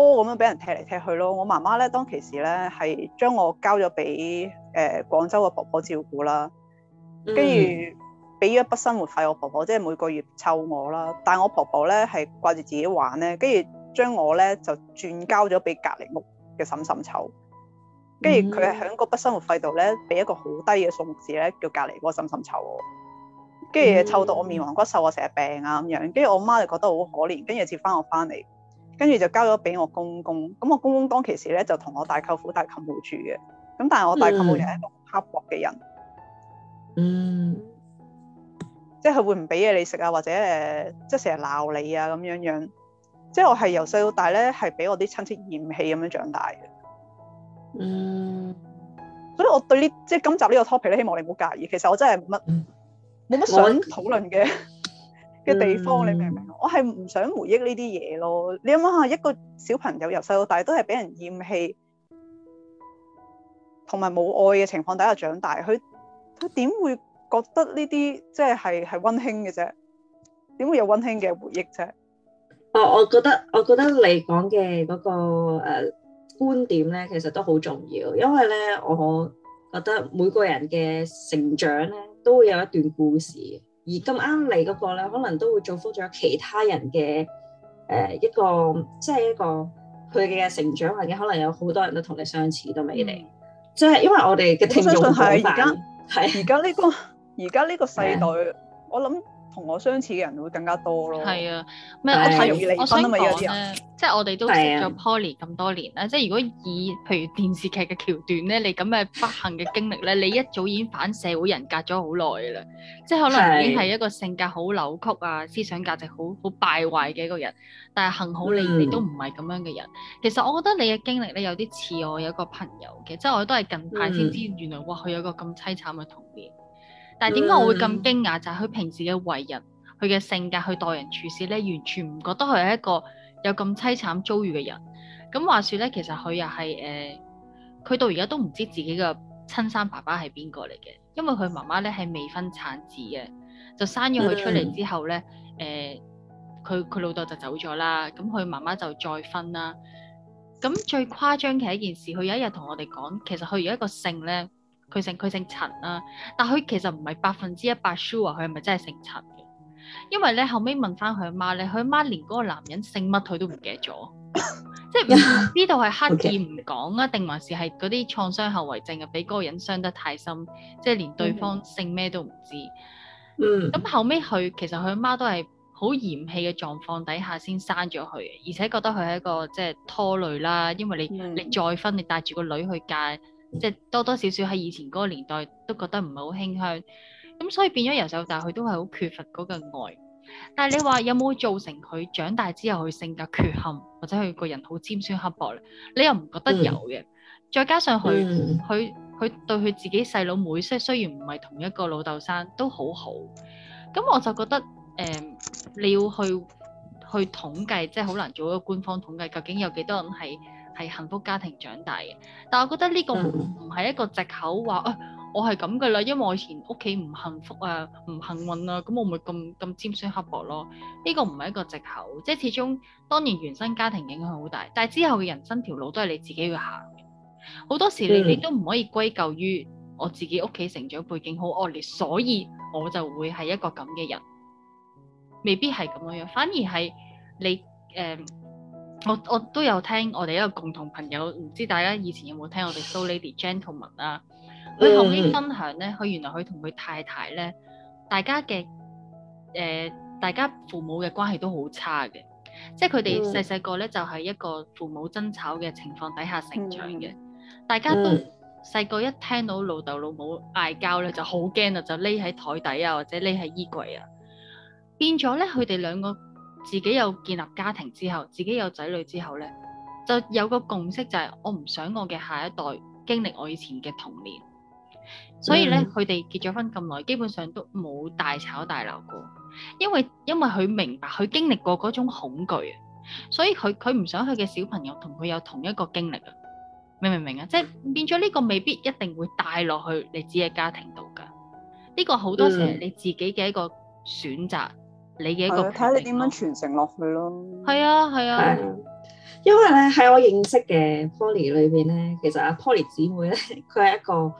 多咁、哦、樣俾人踢嚟踢去咯，我媽媽咧當其時咧係將我交咗俾誒廣州嘅婆婆照顧啦，跟住俾咗一筆生活費，我婆婆即係每個月湊我啦。但係我婆婆咧係掛住自己玩咧，跟住將我咧就轉交咗俾隔籬屋嘅嬸嬸湊，跟住佢係喺嗰筆生活費度咧俾一個好低嘅數目字咧叫隔籬嗰個嬸嬸湊我，跟住湊到我面黃骨瘦啊，成日病啊咁樣，跟住我媽就覺得好可憐，跟住接翻我翻嚟。跟住就交咗俾我公公，咁、嗯、我公公當其時咧就同我大舅父大舅母住嘅，咁但係我大舅母又係一個刻薄嘅人，嗯，即係佢會唔俾嘢你食啊，或者誒，即係成日鬧你啊咁樣樣，即係我係由細到大咧係俾我啲親戚嫌棄咁樣長大嘅，嗯，所以我對呢即係今集個呢個 topic 咧，希望你唔好介意，其實我真係乜，冇乜想討論嘅我。 嘅地方，你明唔明？我係唔想回憶呢啲嘢咯。你諗下，一個小朋友由細到大都係俾人厭棄，同埋冇愛嘅情況底下長大，佢佢點會覺得、就是、呢啲即係係係溫馨嘅啫？點會有溫馨嘅回憶啫？哦，我覺得我覺得你講嘅嗰個誒、呃、觀點咧，其實都好重要，因為咧，我覺得每個人嘅成長咧都會有一段故事。而咁啱嚟嗰個咧，可能都會造福咗其他人嘅誒、呃、一個，即係一個佢嘅成長環境，或者可能有好多人都同你相似都未嚟，即係因為我哋嘅聽眾廣泛，係而家呢個而家呢個世代， 的我諗。同我相似嘅人會更加多咯。係啊，咩、嗯？我，我想呢我想講咧，即係我哋都識咗 Poly 咁多年咧。嗯、即係如果以譬如電視劇嘅橋段咧，你咁嘅不幸嘅經歷咧，你一早已經反社會人格咗好耐嘅啦。即係可能已經係一個性格好扭曲啊，思想價值好好敗壞嘅一個人。但係幸好你哋都唔係咁樣嘅人。嗯、其實我覺得你嘅經歷咧有啲似我有個朋友嘅，即係我都係近排先知原來哇佢有個咁凄慘嘅童年。但係點解我會咁驚訝？就係、是、佢平時嘅為人、佢嘅性格、去待人處事咧，完全唔覺得佢係一個有咁凄慘遭遇嘅人。咁話說咧，其實佢又係誒，佢、呃、到而家都唔知自己嘅親生爸爸係邊個嚟嘅，因為佢媽媽咧係未婚產子嘅，就生咗佢出嚟之後咧，誒、呃，佢佢老豆就走咗啦，咁佢媽媽就再婚啦。咁最誇張嘅一件事，佢有一日同我哋講，其實佢有一個姓咧。佢姓佢姓陳啊，但佢其實唔係百分之一百 sure 佢係咪真係姓陳嘅，因為咧後尾問翻佢媽咧，佢媽連嗰個男人姓乜佢都唔記得咗， 即係呢度係刻意唔講啊，定還是係嗰啲創傷後遺症啊？俾嗰個人傷得太深，即係連對方姓咩都唔知。嗯、mm，咁、hmm. 後尾，佢其實佢媽都係好嫌棄嘅狀況底下先生咗佢嘅，而且覺得佢係一個即係拖累啦，因為你、mm hmm. 你再婚，你帶住個女去嫁。即係多多少少喺以前嗰個年代都覺得唔係好馨香，咁所以變咗由細到大佢都係好缺乏嗰個愛。但係你話有冇造成佢長大之後佢性格缺陷或者佢個人好尖酸刻薄咧？你又唔覺得有嘅？嗯、再加上佢佢佢對佢自己細佬妹，即雖然唔係同一個老豆生，都好好。咁我就覺得誒、嗯、你要去去統計，即係好難做一個官方統計究竟有幾多人係。係幸福家庭長大嘅，但係我覺得呢個唔係一個藉口話、嗯哎，我係咁嘅啦。因為我以前屋企唔幸福啊，唔幸運啊，咁我咪咁咁尖酸刻薄咯。呢、呢個唔係一個藉口，即係始終當然原生家庭影響好大，但係之後嘅人生條路都係你自己去行嘅。好多時你、嗯、你都唔可以歸咎於我自己屋企成長背景好惡劣，所以我就會係一個咁嘅人，未必係咁樣樣，反而係你誒。呃我我都有聽，我哋一個共同朋友，唔知大家以前有冇聽我哋 So Lady Gentleman 啊？佢後面分享咧，佢原來佢同佢太太咧，大家嘅誒、呃，大家父母嘅關係都好差嘅，即係佢哋細細個咧就係、是、一個父母爭吵嘅情況底下成長嘅，嗯、大家都細個一聽到老豆老母嗌交咧就好驚啊，就匿喺台底啊，或者匿喺衣櫃啊，變咗咧佢哋兩個。自己有建立家庭之後，自己有仔女之後咧，就有個共識，就係我唔想我嘅下一代經歷我以前嘅童年。所以咧，佢哋、嗯、結咗婚咁耐，基本上都冇大吵大鬧過，因為因為佢明白佢經歷過嗰種恐懼，所以佢佢唔想佢嘅小朋友同佢有同一個經歷啊！明唔明啊？即係、嗯、變咗呢個未必一定會帶落去你自己家庭度噶。呢個好多時係你自己嘅一個選擇。嗯你嘅個睇你點樣傳承落去咯，係啊係啊，因為咧喺我認識嘅 Poly 裏邊咧，其實阿 Poly 姊妹咧，佢係一個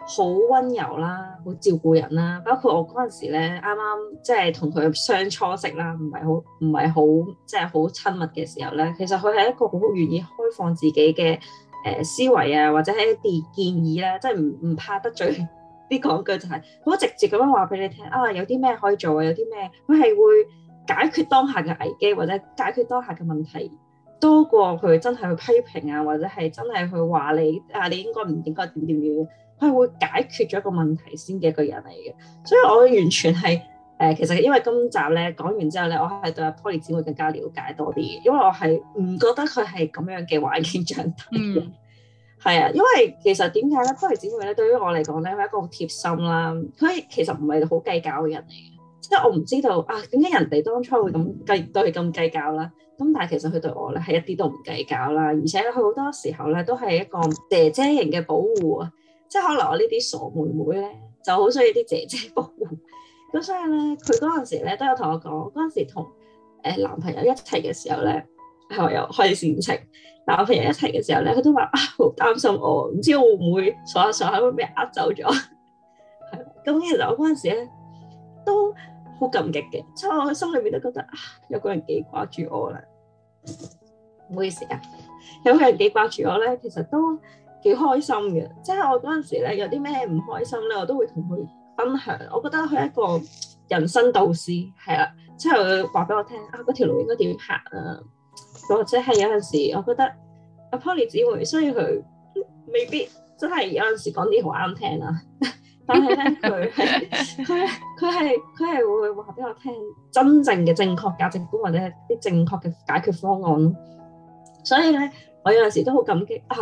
好溫柔啦，好照顧人啦。包括我嗰陣時咧，啱啱即係同佢相初識啦，唔係好唔係好即係好親密嘅時候咧，其實佢係一個好願意開放自己嘅誒思維啊，或者係一啲建議咧，即係唔唔怕得罪。啲講句就係好直接咁樣話俾你聽啊，有啲咩可以做啊，有啲咩佢係會解決當下嘅危機或者解決當下嘅問題多過佢真係去批評啊，或者係真係去話你啊，你應該唔應該點點點，佢係會解決咗一個問題先嘅一個人嚟嘅，所以我完全係誒、呃，其實因為今集咧講完之後咧，我係對阿 Poly 姐會更加了解多啲，因為我係唔覺得佢係咁樣嘅環境長大嘅。嗯。係啊，因為其實點解咧，兄弟姊妹咧，對於我嚟講咧，係一個好貼心啦。佢其實唔係好計較嘅人嚟嘅，即係我唔知道啊，點解人哋當初會咁計對佢咁計較啦？咁但係其實佢對我咧係一啲都唔計較啦。而且佢好多時候咧都係一個姐姐型嘅保護，即係可能我呢啲傻妹妹咧就好需要啲姐姐保護。咁所以咧，佢嗰陣時咧都有同我講，嗰陣時同誒男朋友一齊嘅時候咧，佢又開始煽情。男朋友一齊嘅時候咧，佢都話好擔心我，唔知我會唔會傻下傻下會俾人呃走咗。係啦，咁其實我嗰陣時咧都好感激嘅，即係我心裏面都覺得有個人幾掛住我啦。唔好意思啊，有個人幾掛住我咧，其實都幾開心嘅。即係我嗰陣時咧，有啲咩唔開心咧，我都會同佢分享。我覺得佢係一個人生導師係啦，之後話俾我聽啊，嗰條路應該點行啊。或者係有陣時，我覺得阿 Polly 姊妹，所以佢未必真係有陣時講啲好啱聽啊，但係咧佢係佢佢係佢係會話俾我聽真正嘅正確價值觀或者係啲正確嘅解決方案，所以咧，我有陣時都好感激啊！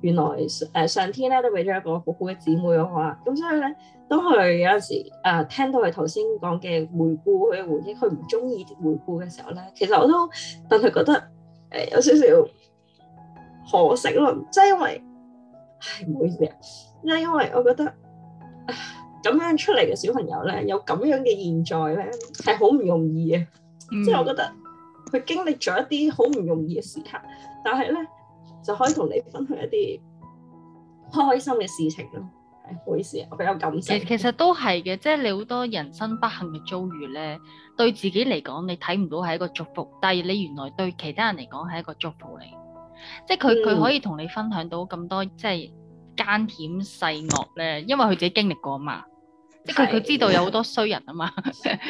原來誒上天咧都俾咗一個好好嘅姊妹我啊，咁所以咧，當佢有陣時誒、呃、聽到佢頭先講嘅回顧佢嘅回憶，佢唔中意回顧嘅時候咧，其實我都但係覺得。誒有少少可惜咯，即係因為，唉唔好意思啊，即係因為我覺得咁樣出嚟嘅小朋友咧，有咁樣嘅現在咧，係好唔容易呀，嗯、即係我覺得佢經歷咗一啲好唔容易嘅時刻，但係咧就可以同你分享一啲開心嘅事情咯。唔好意思，我比較感性。其實，其實都係嘅，即係你好多人生不幸嘅遭遇咧，對自己嚟講，你睇唔到係一個祝福，但係你原來對其他人嚟講係一個祝福嚟。即係佢佢可以同你分享到咁多即係艱險細惡咧，因為佢自己經歷過嘛。的即係佢佢知道有好多衰人啊嘛，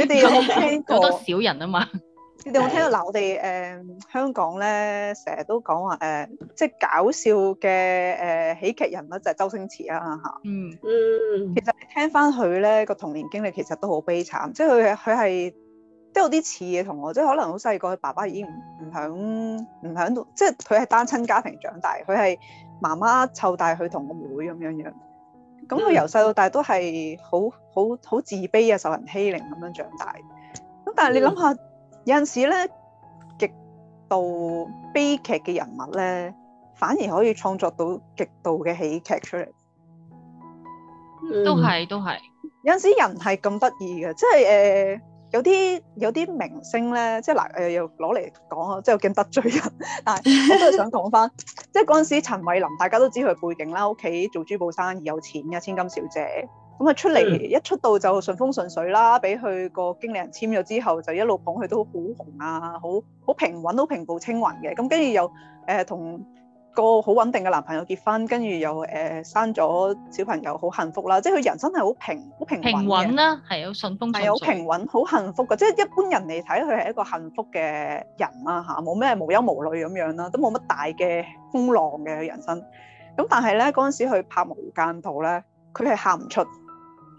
你有好 多小人啊嘛。你哋有冇聽到？嗱的？我哋誒、呃、香港咧，成日都講話誒，即係搞笑嘅誒、呃、喜劇人物就係、是、周星馳啊嚇。嗯嗯，其實你聽翻佢咧個童年經歷，其實都好悲慘，即係佢佢係都有啲似嘅同我，即係可能好細個，佢爸爸已經唔唔響唔響度，即係佢係單親家庭長大，佢係媽媽湊大佢同個妹咁樣樣。咁佢由細到大都係好好好自卑啊，受人欺凌咁樣長大。咁但係你諗下。嗯。有陣時咧，極度悲劇嘅人物咧，反而可以創作到極度嘅喜劇出嚟、嗯。都係，都係、就是呃。有陣時人係咁得意嘅，即係誒，有啲有啲明星咧，即係嗱誒，又攞嚟講，即係我驚得罪人。但係我都係想講翻，即係嗰陣時陳慧琳，大家都知佢背景啦，屋企做珠寶生意有錢嘅千金小姐。咁啊出嚟一出道就順風順水啦，俾佢個經理人簽咗之後，就一路捧佢都好紅啊，好好平穩，好平步青雲嘅。咁跟住又誒同個好穩定嘅男朋友結婚，跟住又誒生咗小朋友，好幸福啦！即係佢人生係好平好平穩嘅。平穩啦，係好順風順。係好平穩，好幸福嘅。即係一般人嚟睇，佢係一個幸福嘅人啦嚇，冇咩無憂無慮咁樣啦，都冇乜大嘅風浪嘅人生。咁但係咧，嗰陣時佢拍《無間道》咧，佢係喊唔出。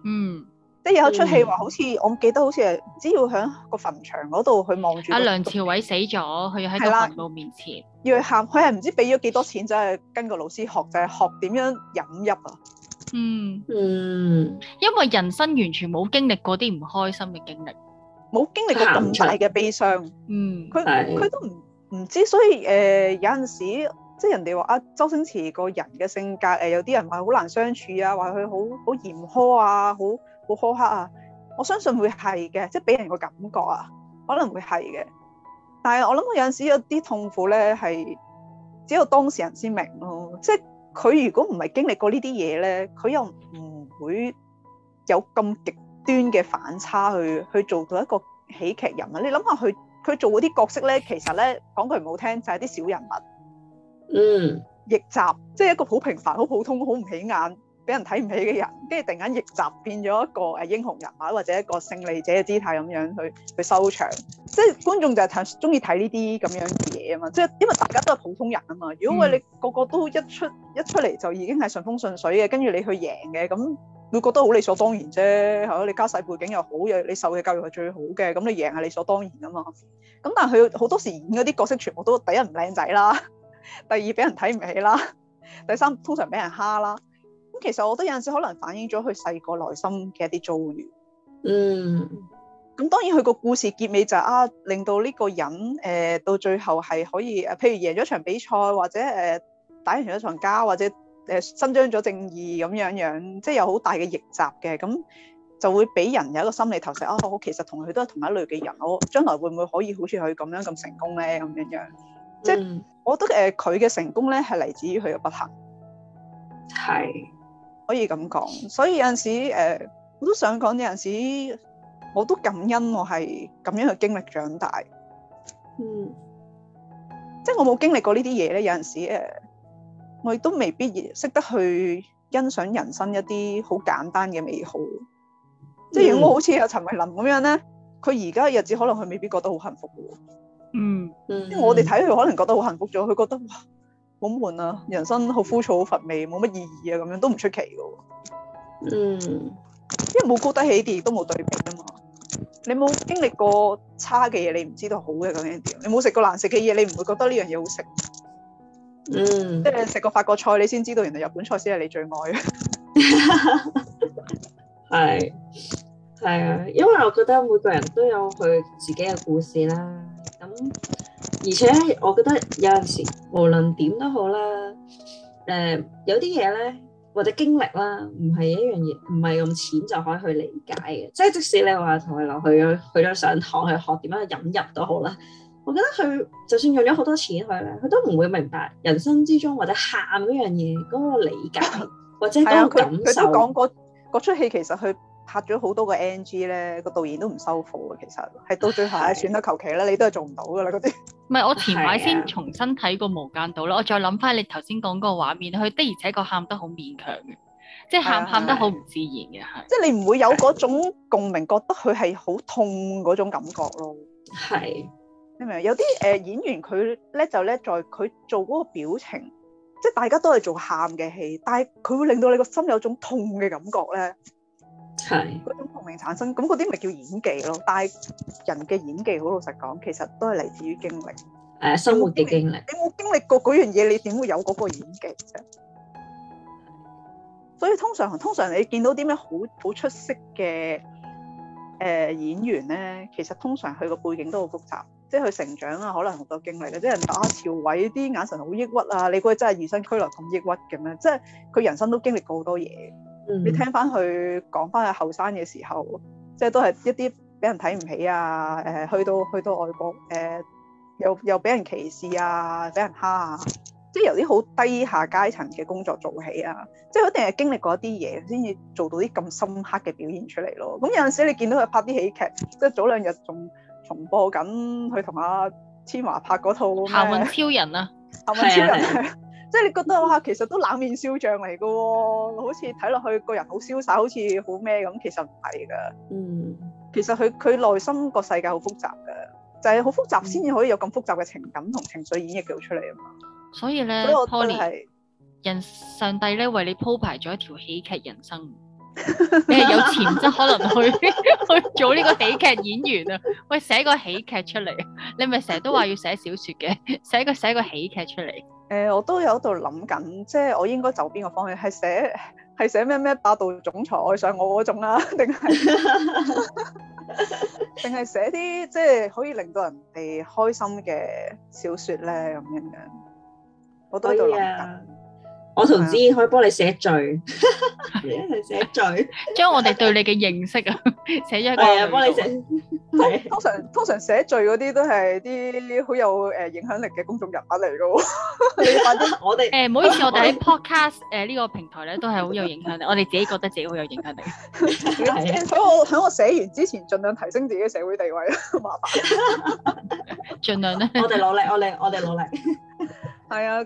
嗯，即係有出戲話，好似、嗯、我記得好、那個，好似係只要響個墳場嗰度去望住，阿梁朝偉死咗，佢喺個墳墓面前，要喊的，佢係唔知俾咗幾多錢，就係、是、跟個老師學，就係、是、學點樣飲泣啊。嗯嗯，嗯因為人生完全冇經歷過啲唔開心嘅經歷，冇經歷過咁大嘅悲傷。嗯，佢佢他的都唔唔知，所以誒、呃、有陣時。即係人哋話啊，周星馳個人嘅性格誒、呃，有啲人話好難相處啊，話佢好好嚴苛啊，好好苛刻啊。我相信會係嘅，即係俾人個感覺啊，可能會係嘅。但係我諗，佢有陣時有啲痛苦咧，係只有當事人先明咯、啊。即係佢如果唔係經歷過呢啲嘢咧，佢又唔會有咁極端嘅反差去去做到一個喜劇人啊。你諗下，佢佢做嗰啲角色咧，其實咧講句唔好聽，就係、是、啲小人物。嗯，逆襲即係一個好平凡、好普通、好唔起眼，俾人睇唔起嘅人，跟住突然間逆襲變咗一個誒英雄人物或者一個勝利者嘅姿態咁樣去去收場，即係觀眾就係睇中意睇呢啲咁樣嘅嘢啊嘛！即係因為大家都係普通人啊嘛，如果餵你個個都一出一出嚟就已經係順風順水嘅，跟住你去贏嘅，咁會覺得好理所當然啫係咯！你家世背景又好，又你受嘅教育係最好嘅，咁你贏係理所當然啊嘛！咁但係佢好多時演嗰啲角色，全部都第一唔靚仔啦～第二俾人睇唔起啦，第三通常俾人蝦啦。咁其實我覺得有陣時可能反映咗佢細個內心嘅一啲遭遇。嗯。咁當然佢個故事結尾就係、是、啊，令到呢個人誒、啊、到最後係可以誒，譬如贏咗場比賽，或者誒、啊、打贏完咗場交，或者誒、啊、伸張咗正義咁樣樣，即係有好大嘅逆襲嘅。咁就會俾人有一個心理投射啊，好其實同佢都係同一類嘅人，我、啊、將來會唔會可以好似佢咁樣咁成功咧？咁樣樣，即係。嗯我覺得誒，佢、呃、嘅成功咧係嚟自於佢嘅不幸，係是可以咁講。所以有陣時誒、呃，我都想講，有陣時我都感恩我係咁樣去經歷長大。嗯，即係我冇經歷過呢啲嘢咧，有陣時誒、呃，我亦都未必識得去欣賞人生一啲好簡單嘅美好。嗯、即係如果好似阿陳慧琳咁樣咧，佢而家嘅日子可能佢未必覺得好幸福嘅。嗯，因、嗯、係 我哋睇佢，可能覺得好幸福咗。佢覺得哇，好悶啊，人生好枯燥，好乏味，冇乜意義啊，咁樣都唔出奇噶。嗯，因為冇高低起跌，都冇對比啊嘛。你冇經歷過差嘅嘢，你唔知道好嘅究竟點。你冇食過難食嘅嘢，你唔會覺得呢樣嘢好食。嗯，即係食過法國菜，你先知道原嚟日本菜先係你最愛。係係啊，因為我覺得每個人都有佢自己嘅故事啦。咁、嗯、而且我覺得有陣時無論點都好啦，誒、呃、有啲嘢咧或者經歷啦，唔係一樣嘢，唔係用錢就可以去理解嘅，即係即使你話同佢留去咗去咗上堂去學點樣去引入都好啦，我覺得佢就算用咗好多錢去咧，佢都唔會明白人生之中或者喊嗰樣嘢嗰個理解 或者感受。佢、啊、都講過，嗰出戲其實佢。拍咗好多個 NG 咧，個導演都唔收貨嘅。其實係到最後，的算啦，求其啦，你都係做唔到噶啦嗰啲。唔係，我前排先重新睇過無間道啦，的我再諗翻你頭先講嗰個畫面，佢的而且確喊得好勉強嘅，即係喊喊得好唔自然嘅，係。即係你唔會有嗰種共鳴，覺得佢係好痛嗰種感覺咯。係的，的你明唔明？有啲誒、呃、演員佢叻就叻在佢做嗰個表情，即係大家都係做喊嘅戲，但係佢會令到你個心有種痛嘅感覺咧。係嗰是種共鳴產生，咁嗰啲咪叫演技咯。但係人嘅演技好老實講，其實都係嚟自於經歷，誒生活嘅經歷。你冇經歷過嗰樣嘢，你點會有嗰個演技啫？所以通常，通常你見到啲咩好好出色嘅誒、呃、演員咧，其實通常佢個背景都好複雜，即係佢成長啊，可能好多經歷。即係人哋話啊，朝偉啲眼神好抑鬱啊，你估佢真係與生俱來咁抑鬱嘅咩？即係佢人生都經歷過好多嘢。嗯、你聽翻佢講翻佢後生嘅時候，即、就、係、是、都係一啲俾人睇唔起啊！誒、呃，去到去到外國誒、呃，又又俾人歧視啊，俾人蝦啊！即、就、係、是、由啲好低下階層嘅工作做起啊！即、就、係、是、一定係經歷過一啲嘢先至做到啲咁深刻嘅表現出嚟咯。咁有陣時你見到佢拍啲喜劇，即、就、係、是、早兩日仲重播緊佢同阿千華拍嗰套《夏威超人》啊，《夏威超人啊》 啊。即係你覺得哇，其實都冷面笑匠嚟嘅喎，好似睇落去個人好瀟灑，好似好咩咁，其實唔係㗎。嗯，其實佢佢內心個世界好複雜㗎，就係、是、好複雜先至可以有咁複雜嘅情感同情緒演繹到出嚟啊嘛。所以咧，所以我真係人上帝咧，為你鋪排咗一條喜劇人生。 你係有潛質可能去去做呢個喜劇演員啊？喂，寫個喜劇出嚟，你咪成日都話要寫小說嘅，寫個寫個喜劇出嚟。誒、呃，我都有度諗緊，即係我應該走邊個方向？係寫係寫咩咩霸道總裁愛上我嗰種啊？定係定係寫啲即係可以令到人哋開心嘅小說咧？咁樣樣，我都喺度諗緊。我同子可以幫你寫序，一齊寫序，將我哋對你嘅認識啊，寫咗一個。係啊，幫你寫。通常通常寫序嗰啲都係啲好有誒影響力嘅公眾人物嚟嘅喎。你反正我哋誒唔好意思，我哋喺 podcast 誒呢個平台咧都係好有影響力，我哋自己覺得自己好有影響力。喺我喺我寫完之前，盡量提升自己嘅社會地位啊，麻煩。盡量咧。我哋努力，我哋我哋努力。係啊。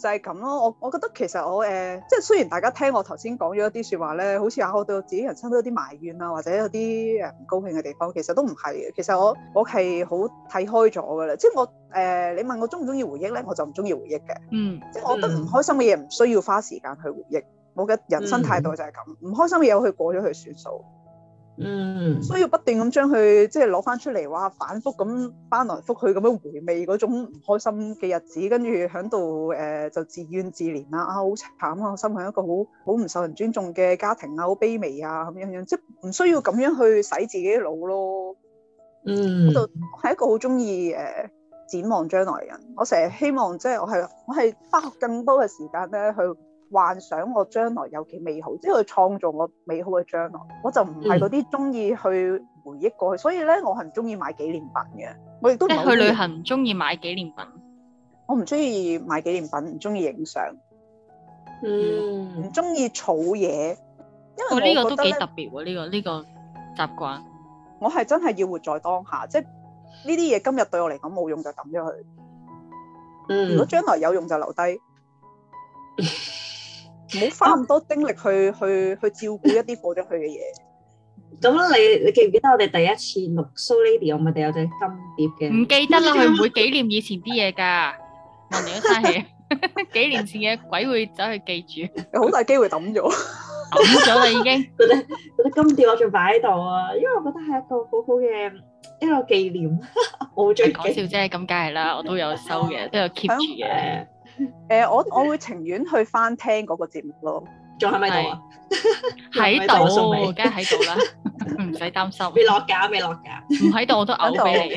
就係咁咯，我我覺得其實我誒、呃，即係雖然大家聽我頭先講咗一啲説話咧，好似啊我對自己人生都有啲埋怨啊，或者有啲誒唔高興嘅地方，其實都唔係嘅。其實我我係好睇開咗嘅啦，即係我誒、呃，你問我中唔中意回憶咧，我就唔中意回憶嘅。嗯，即係我覺得唔開心嘅嘢唔需要花時間去回憶，我嘅人生態度就係咁，嗯，唔開心嘅嘢我去過咗去了算數。嗯，需要不斷咁將佢即係攞翻出嚟，話，反覆咁翻來覆去咁樣回味嗰種唔開心嘅日子，跟住喺度誒就自怨自憐啦，啊好慘啊，我心喺一個好好唔受人尊重嘅家庭啊，好卑微啊咁樣樣，即係唔需要咁樣去洗自己嘅腦咯。嗯，我就係一個好中意誒展望將來嘅人，我成日希望即係我係我係花更多嘅時間咧去。幻想我將來有幾美好，即係佢創造我美好嘅將來，我就唔係嗰啲中意去回憶過去。所以咧，我係唔中意買紀念品嘅。我亦都唔即係去旅行唔中意買紀念品。我唔中意買紀念品，唔中意影相，嗯，唔中意儲嘢。因為我呢個都幾特別喎！呢個呢個習慣，我係真係要活在當下，即係呢啲嘢今日對我嚟講冇用就抌咗佢。嗯，如果將來有用就留低。唔好花咁多精力去去去照顧一啲過咗去嘅嘢。咁、 嗯、你你記唔記得我哋第一次錄 SHOW Lady，我咪有隻金碟嘅？唔記得啦，佢唔 會紀念以前啲嘢噶。問你生氣，幾年前嘅鬼會走去記住？好大機會抌咗，抌咗啦已經。嗰啲啲金碟我仲擺喺度啊，因為我覺得係一個好好嘅一個紀念，我好中意嘅。講笑啫， 咁梗係啦，我都有收嘅，都有 keep 住嘅。 誒、 呃，我我會情願去翻聽嗰個節目咯。仲喺咪度啊？喺度是，梗係喺度啦，唔使擔心。未落架，未落架。唔喺度我都嘔到俾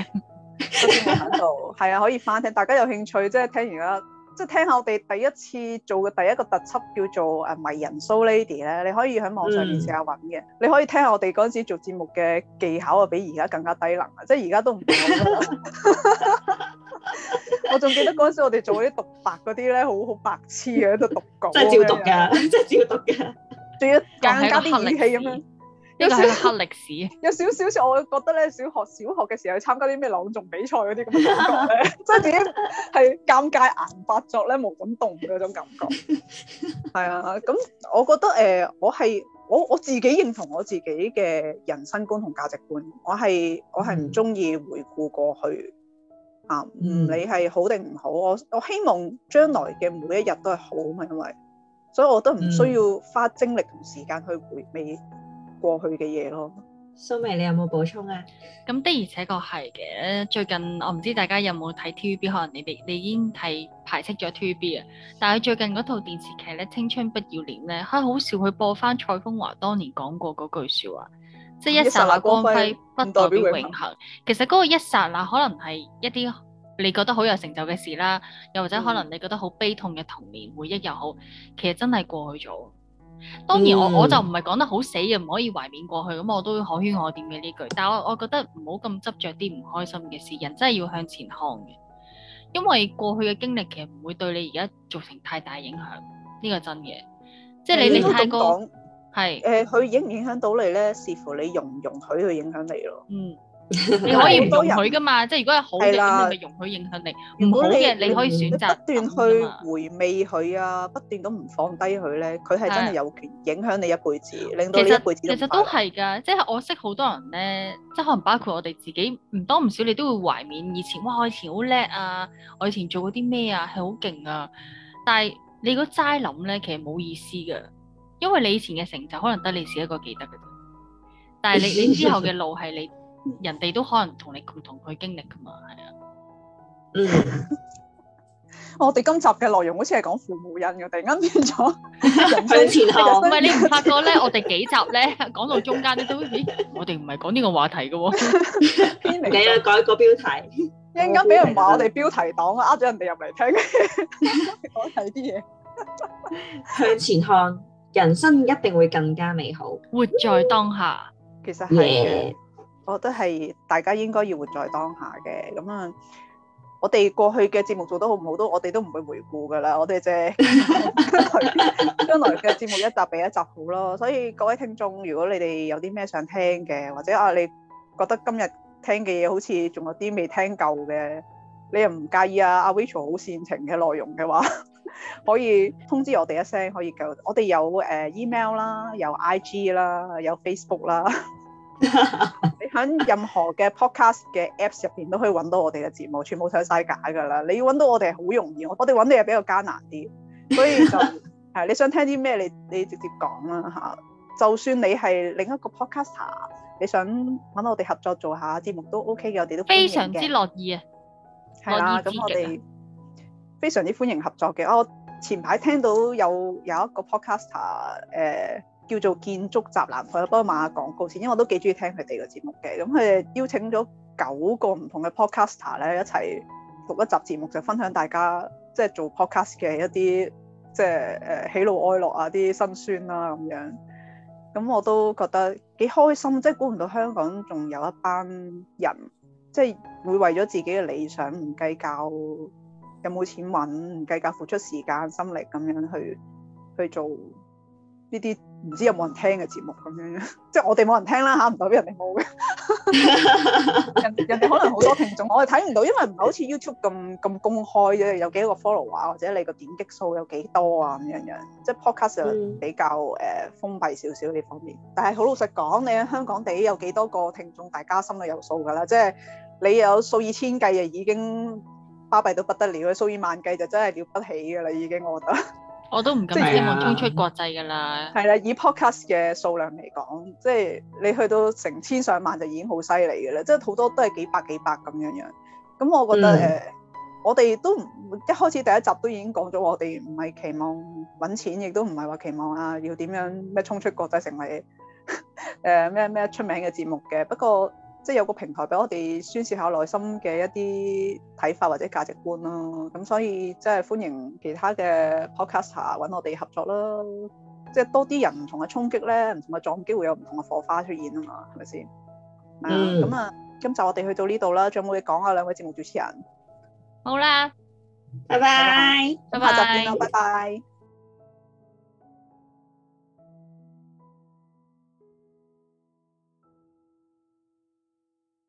你。喺度， 係 啊，可以翻聽。大家有興趣，即係聽完而家。即係聽下我哋第一次做嘅第一個特輯叫做誒迷人蘇 Lady 咧，你可以喺網上面試下揾嘅。嗯、你可以聽下我哋嗰陣時做節目嘅技巧啊，比而家更加低能啊！即係而家都唔講 我仲記得嗰陣時我哋做啲獨白嗰啲咧，好好白痴啊！喺度讀角，即係照讀㗎，即係照讀㗎，仲要更加啲語氣咁樣。黑歷史。有少少似我覺得咧，小學小學嘅時候參加啲咩朗誦比賽嗰啲咁嘅感覺咧，即係自己係尷尬癌發作咧，冇感動嗰種感覺。係啊，咁我覺得誒、呃，我係我我自己認同我自己嘅人生觀同價值觀。我係我係唔中意回顧過去，嗯、啊，唔理係好定唔好。我我希望將來嘅每一日都係好啊，因為所以我都唔需要花精力同時間去回味。嗯過去嘅嘢咯，蘇眉，你有冇補充啊？咁的而且確係嘅。最近我唔知大家有冇睇 TVB，可能你哋你已經睇排斥咗 TVB 啊。但係最近嗰套電視劇咧，《青春不要臉》咧，佢好少佢播翻蔡楓華當年講過嗰句説話，即係一剎那光輝不代表永恒。嗯，其實嗰個一剎那可能係一啲你覺得好有成就嘅事啦，又或者可能你覺得好悲痛嘅童年回憶又好，其實真係過去咗。當然我，我我就唔係講得好死嘅，唔可以懷緬過去，咁我都可圈可點嘅呢句。但係我我覺得唔好咁執着啲唔開心嘅事，人真係要向前看嘅。因為過去嘅經歷其實唔會對你而家造成太大影響，呢、呢個真嘅。即係你、嗯、你太過係誒，佢影唔影響到你咧？視乎你容唔容許佢影響你咯。嗯。你可以唔容佢噶嘛？即係如果係好嘅，咁你咪容許影響你；唔好嘅，你，你可以選擇不斷去回味佢啊，嗯、不斷都唔放低佢咧。佢係真係有權影響你一輩子，令到你一輩子都其實，其實都係噶，即係我識好多人咧，即係可能包括我哋自己，唔多唔少你都會懷緬以前。哇！我以前好叻啊，我以前做過啲咩啊，係好勁啊！但係你如果齋諗咧，其實冇意思嘅，因為你以前嘅成就可能得你自己一個記得嘅，但係你 你之後嘅路係你。人哋都可能同你共同去經歷噶嘛，係啊。嗯。我哋今集嘅內容好似係講父母恩嘅，突然間變咗向前看。唔係你唔發覺咧？我哋幾集咧講到中間你都咦？我哋唔係講呢個話題嘅喎。你啊改個標題，一陣間俾人話我哋標題黨，呃咗人哋入嚟聽，講睇啲嘢。向前看，人生一定會更加美好。活在當下，其實係。我覺得係大家應該要活在當下嘅，咁啊，我哋過去嘅節目做得好唔好都，我哋都唔會回顧噶啦，我哋即係。將來嘅節目一集比一集好咯，所以各位聽眾，如果你哋有啲咩想聽嘅，或者啊，你覺得今日聽嘅嘢好似仲有啲未聽夠嘅，你又唔介意啊，阿 Rachel 好煽情嘅內容嘅話，可以通知我哋一聲，可以夠。我哋有誒 email 啦，有 IG 啦，有 Facebook 啦。 你喺任何嘅 podcast 嘅 apps 入邊都可以揾到我哋嘅節目，全部睇晒假噶啦！你要揾到我哋係好容易，我哋揾你係比較艱難啲，所以就 啊，你想聽啲咩？你你直接講啦吓，就算你係另一個 podcaster，你想揾我哋合作做下節目都 OK 嘅，我哋都非常之樂意啊！係啦，咁我哋非常之歡迎合作嘅，啊。我前排聽到有有一個 podcaster，誒、呃。叫做建築宅男，朋友幫我買下廣告先，因為我都幾中意聽佢哋個節目嘅。咁佢哋邀請咗九個唔同嘅 podcaster 咧，一齊錄一集節目，就分享大家即係做 podcast 嘅一啲即係誒喜怒哀樂啊，啲辛酸啦咁樣。咁我都覺得幾開心，即係估唔到香港仲有一班人，即係會為咗自己嘅理想唔計較有冇錢揾，唔計較付出時間心力咁樣去去做呢啲。唔知有冇人聽嘅節目咁樣樣，即 係我哋冇人聽啦吓，唔代表人哋冇嘅。人人哋可能好多聽眾， 我哋睇唔到，因為唔係好似 YouTube 咁咁公開嘅，有幾多個 follower 或者你個點擊數有幾多啊咁樣樣。即係 podcast 比較誒封閉少少呢方面。但係好老實講，你喺香港地有幾多個聽眾，大家心裏有數㗎啦。即係你有數以千計啊，已經巴閉到不得了，數以萬計就真係了不起㗎啦，已經我覺得。我都唔敢，即係希望衝出國際㗎啦，係啦，以 podcast 嘅數量嚟講，即係你去到成千上萬就已經好犀利㗎啦，即係好多都係幾百幾百咁樣樣。咁我覺得誒，嗯 uh，我哋都唔，一開始第一集都已經講咗，我哋唔係期望揾錢，亦都唔係話期望啊要點樣咩衝出國際成為誒咩咩出名嘅節目嘅。不過，即係有個平台俾我哋宣泄下內心嘅一啲睇法或者價值觀咯，咁所以即係歡迎其他嘅 podcaster 揾我哋合作咯。即係多啲人唔同嘅衝擊咧，唔同嘅撞擊會有唔同嘅火花出現啊嘛，係咪先？咁、嗯、啊，今集我哋去到呢度啦，仲有冇嘢講啊？兩位節目主持人，好啦，bye bye 拜拜，拜拜，下集見咯，拜拜 bye。Bye bye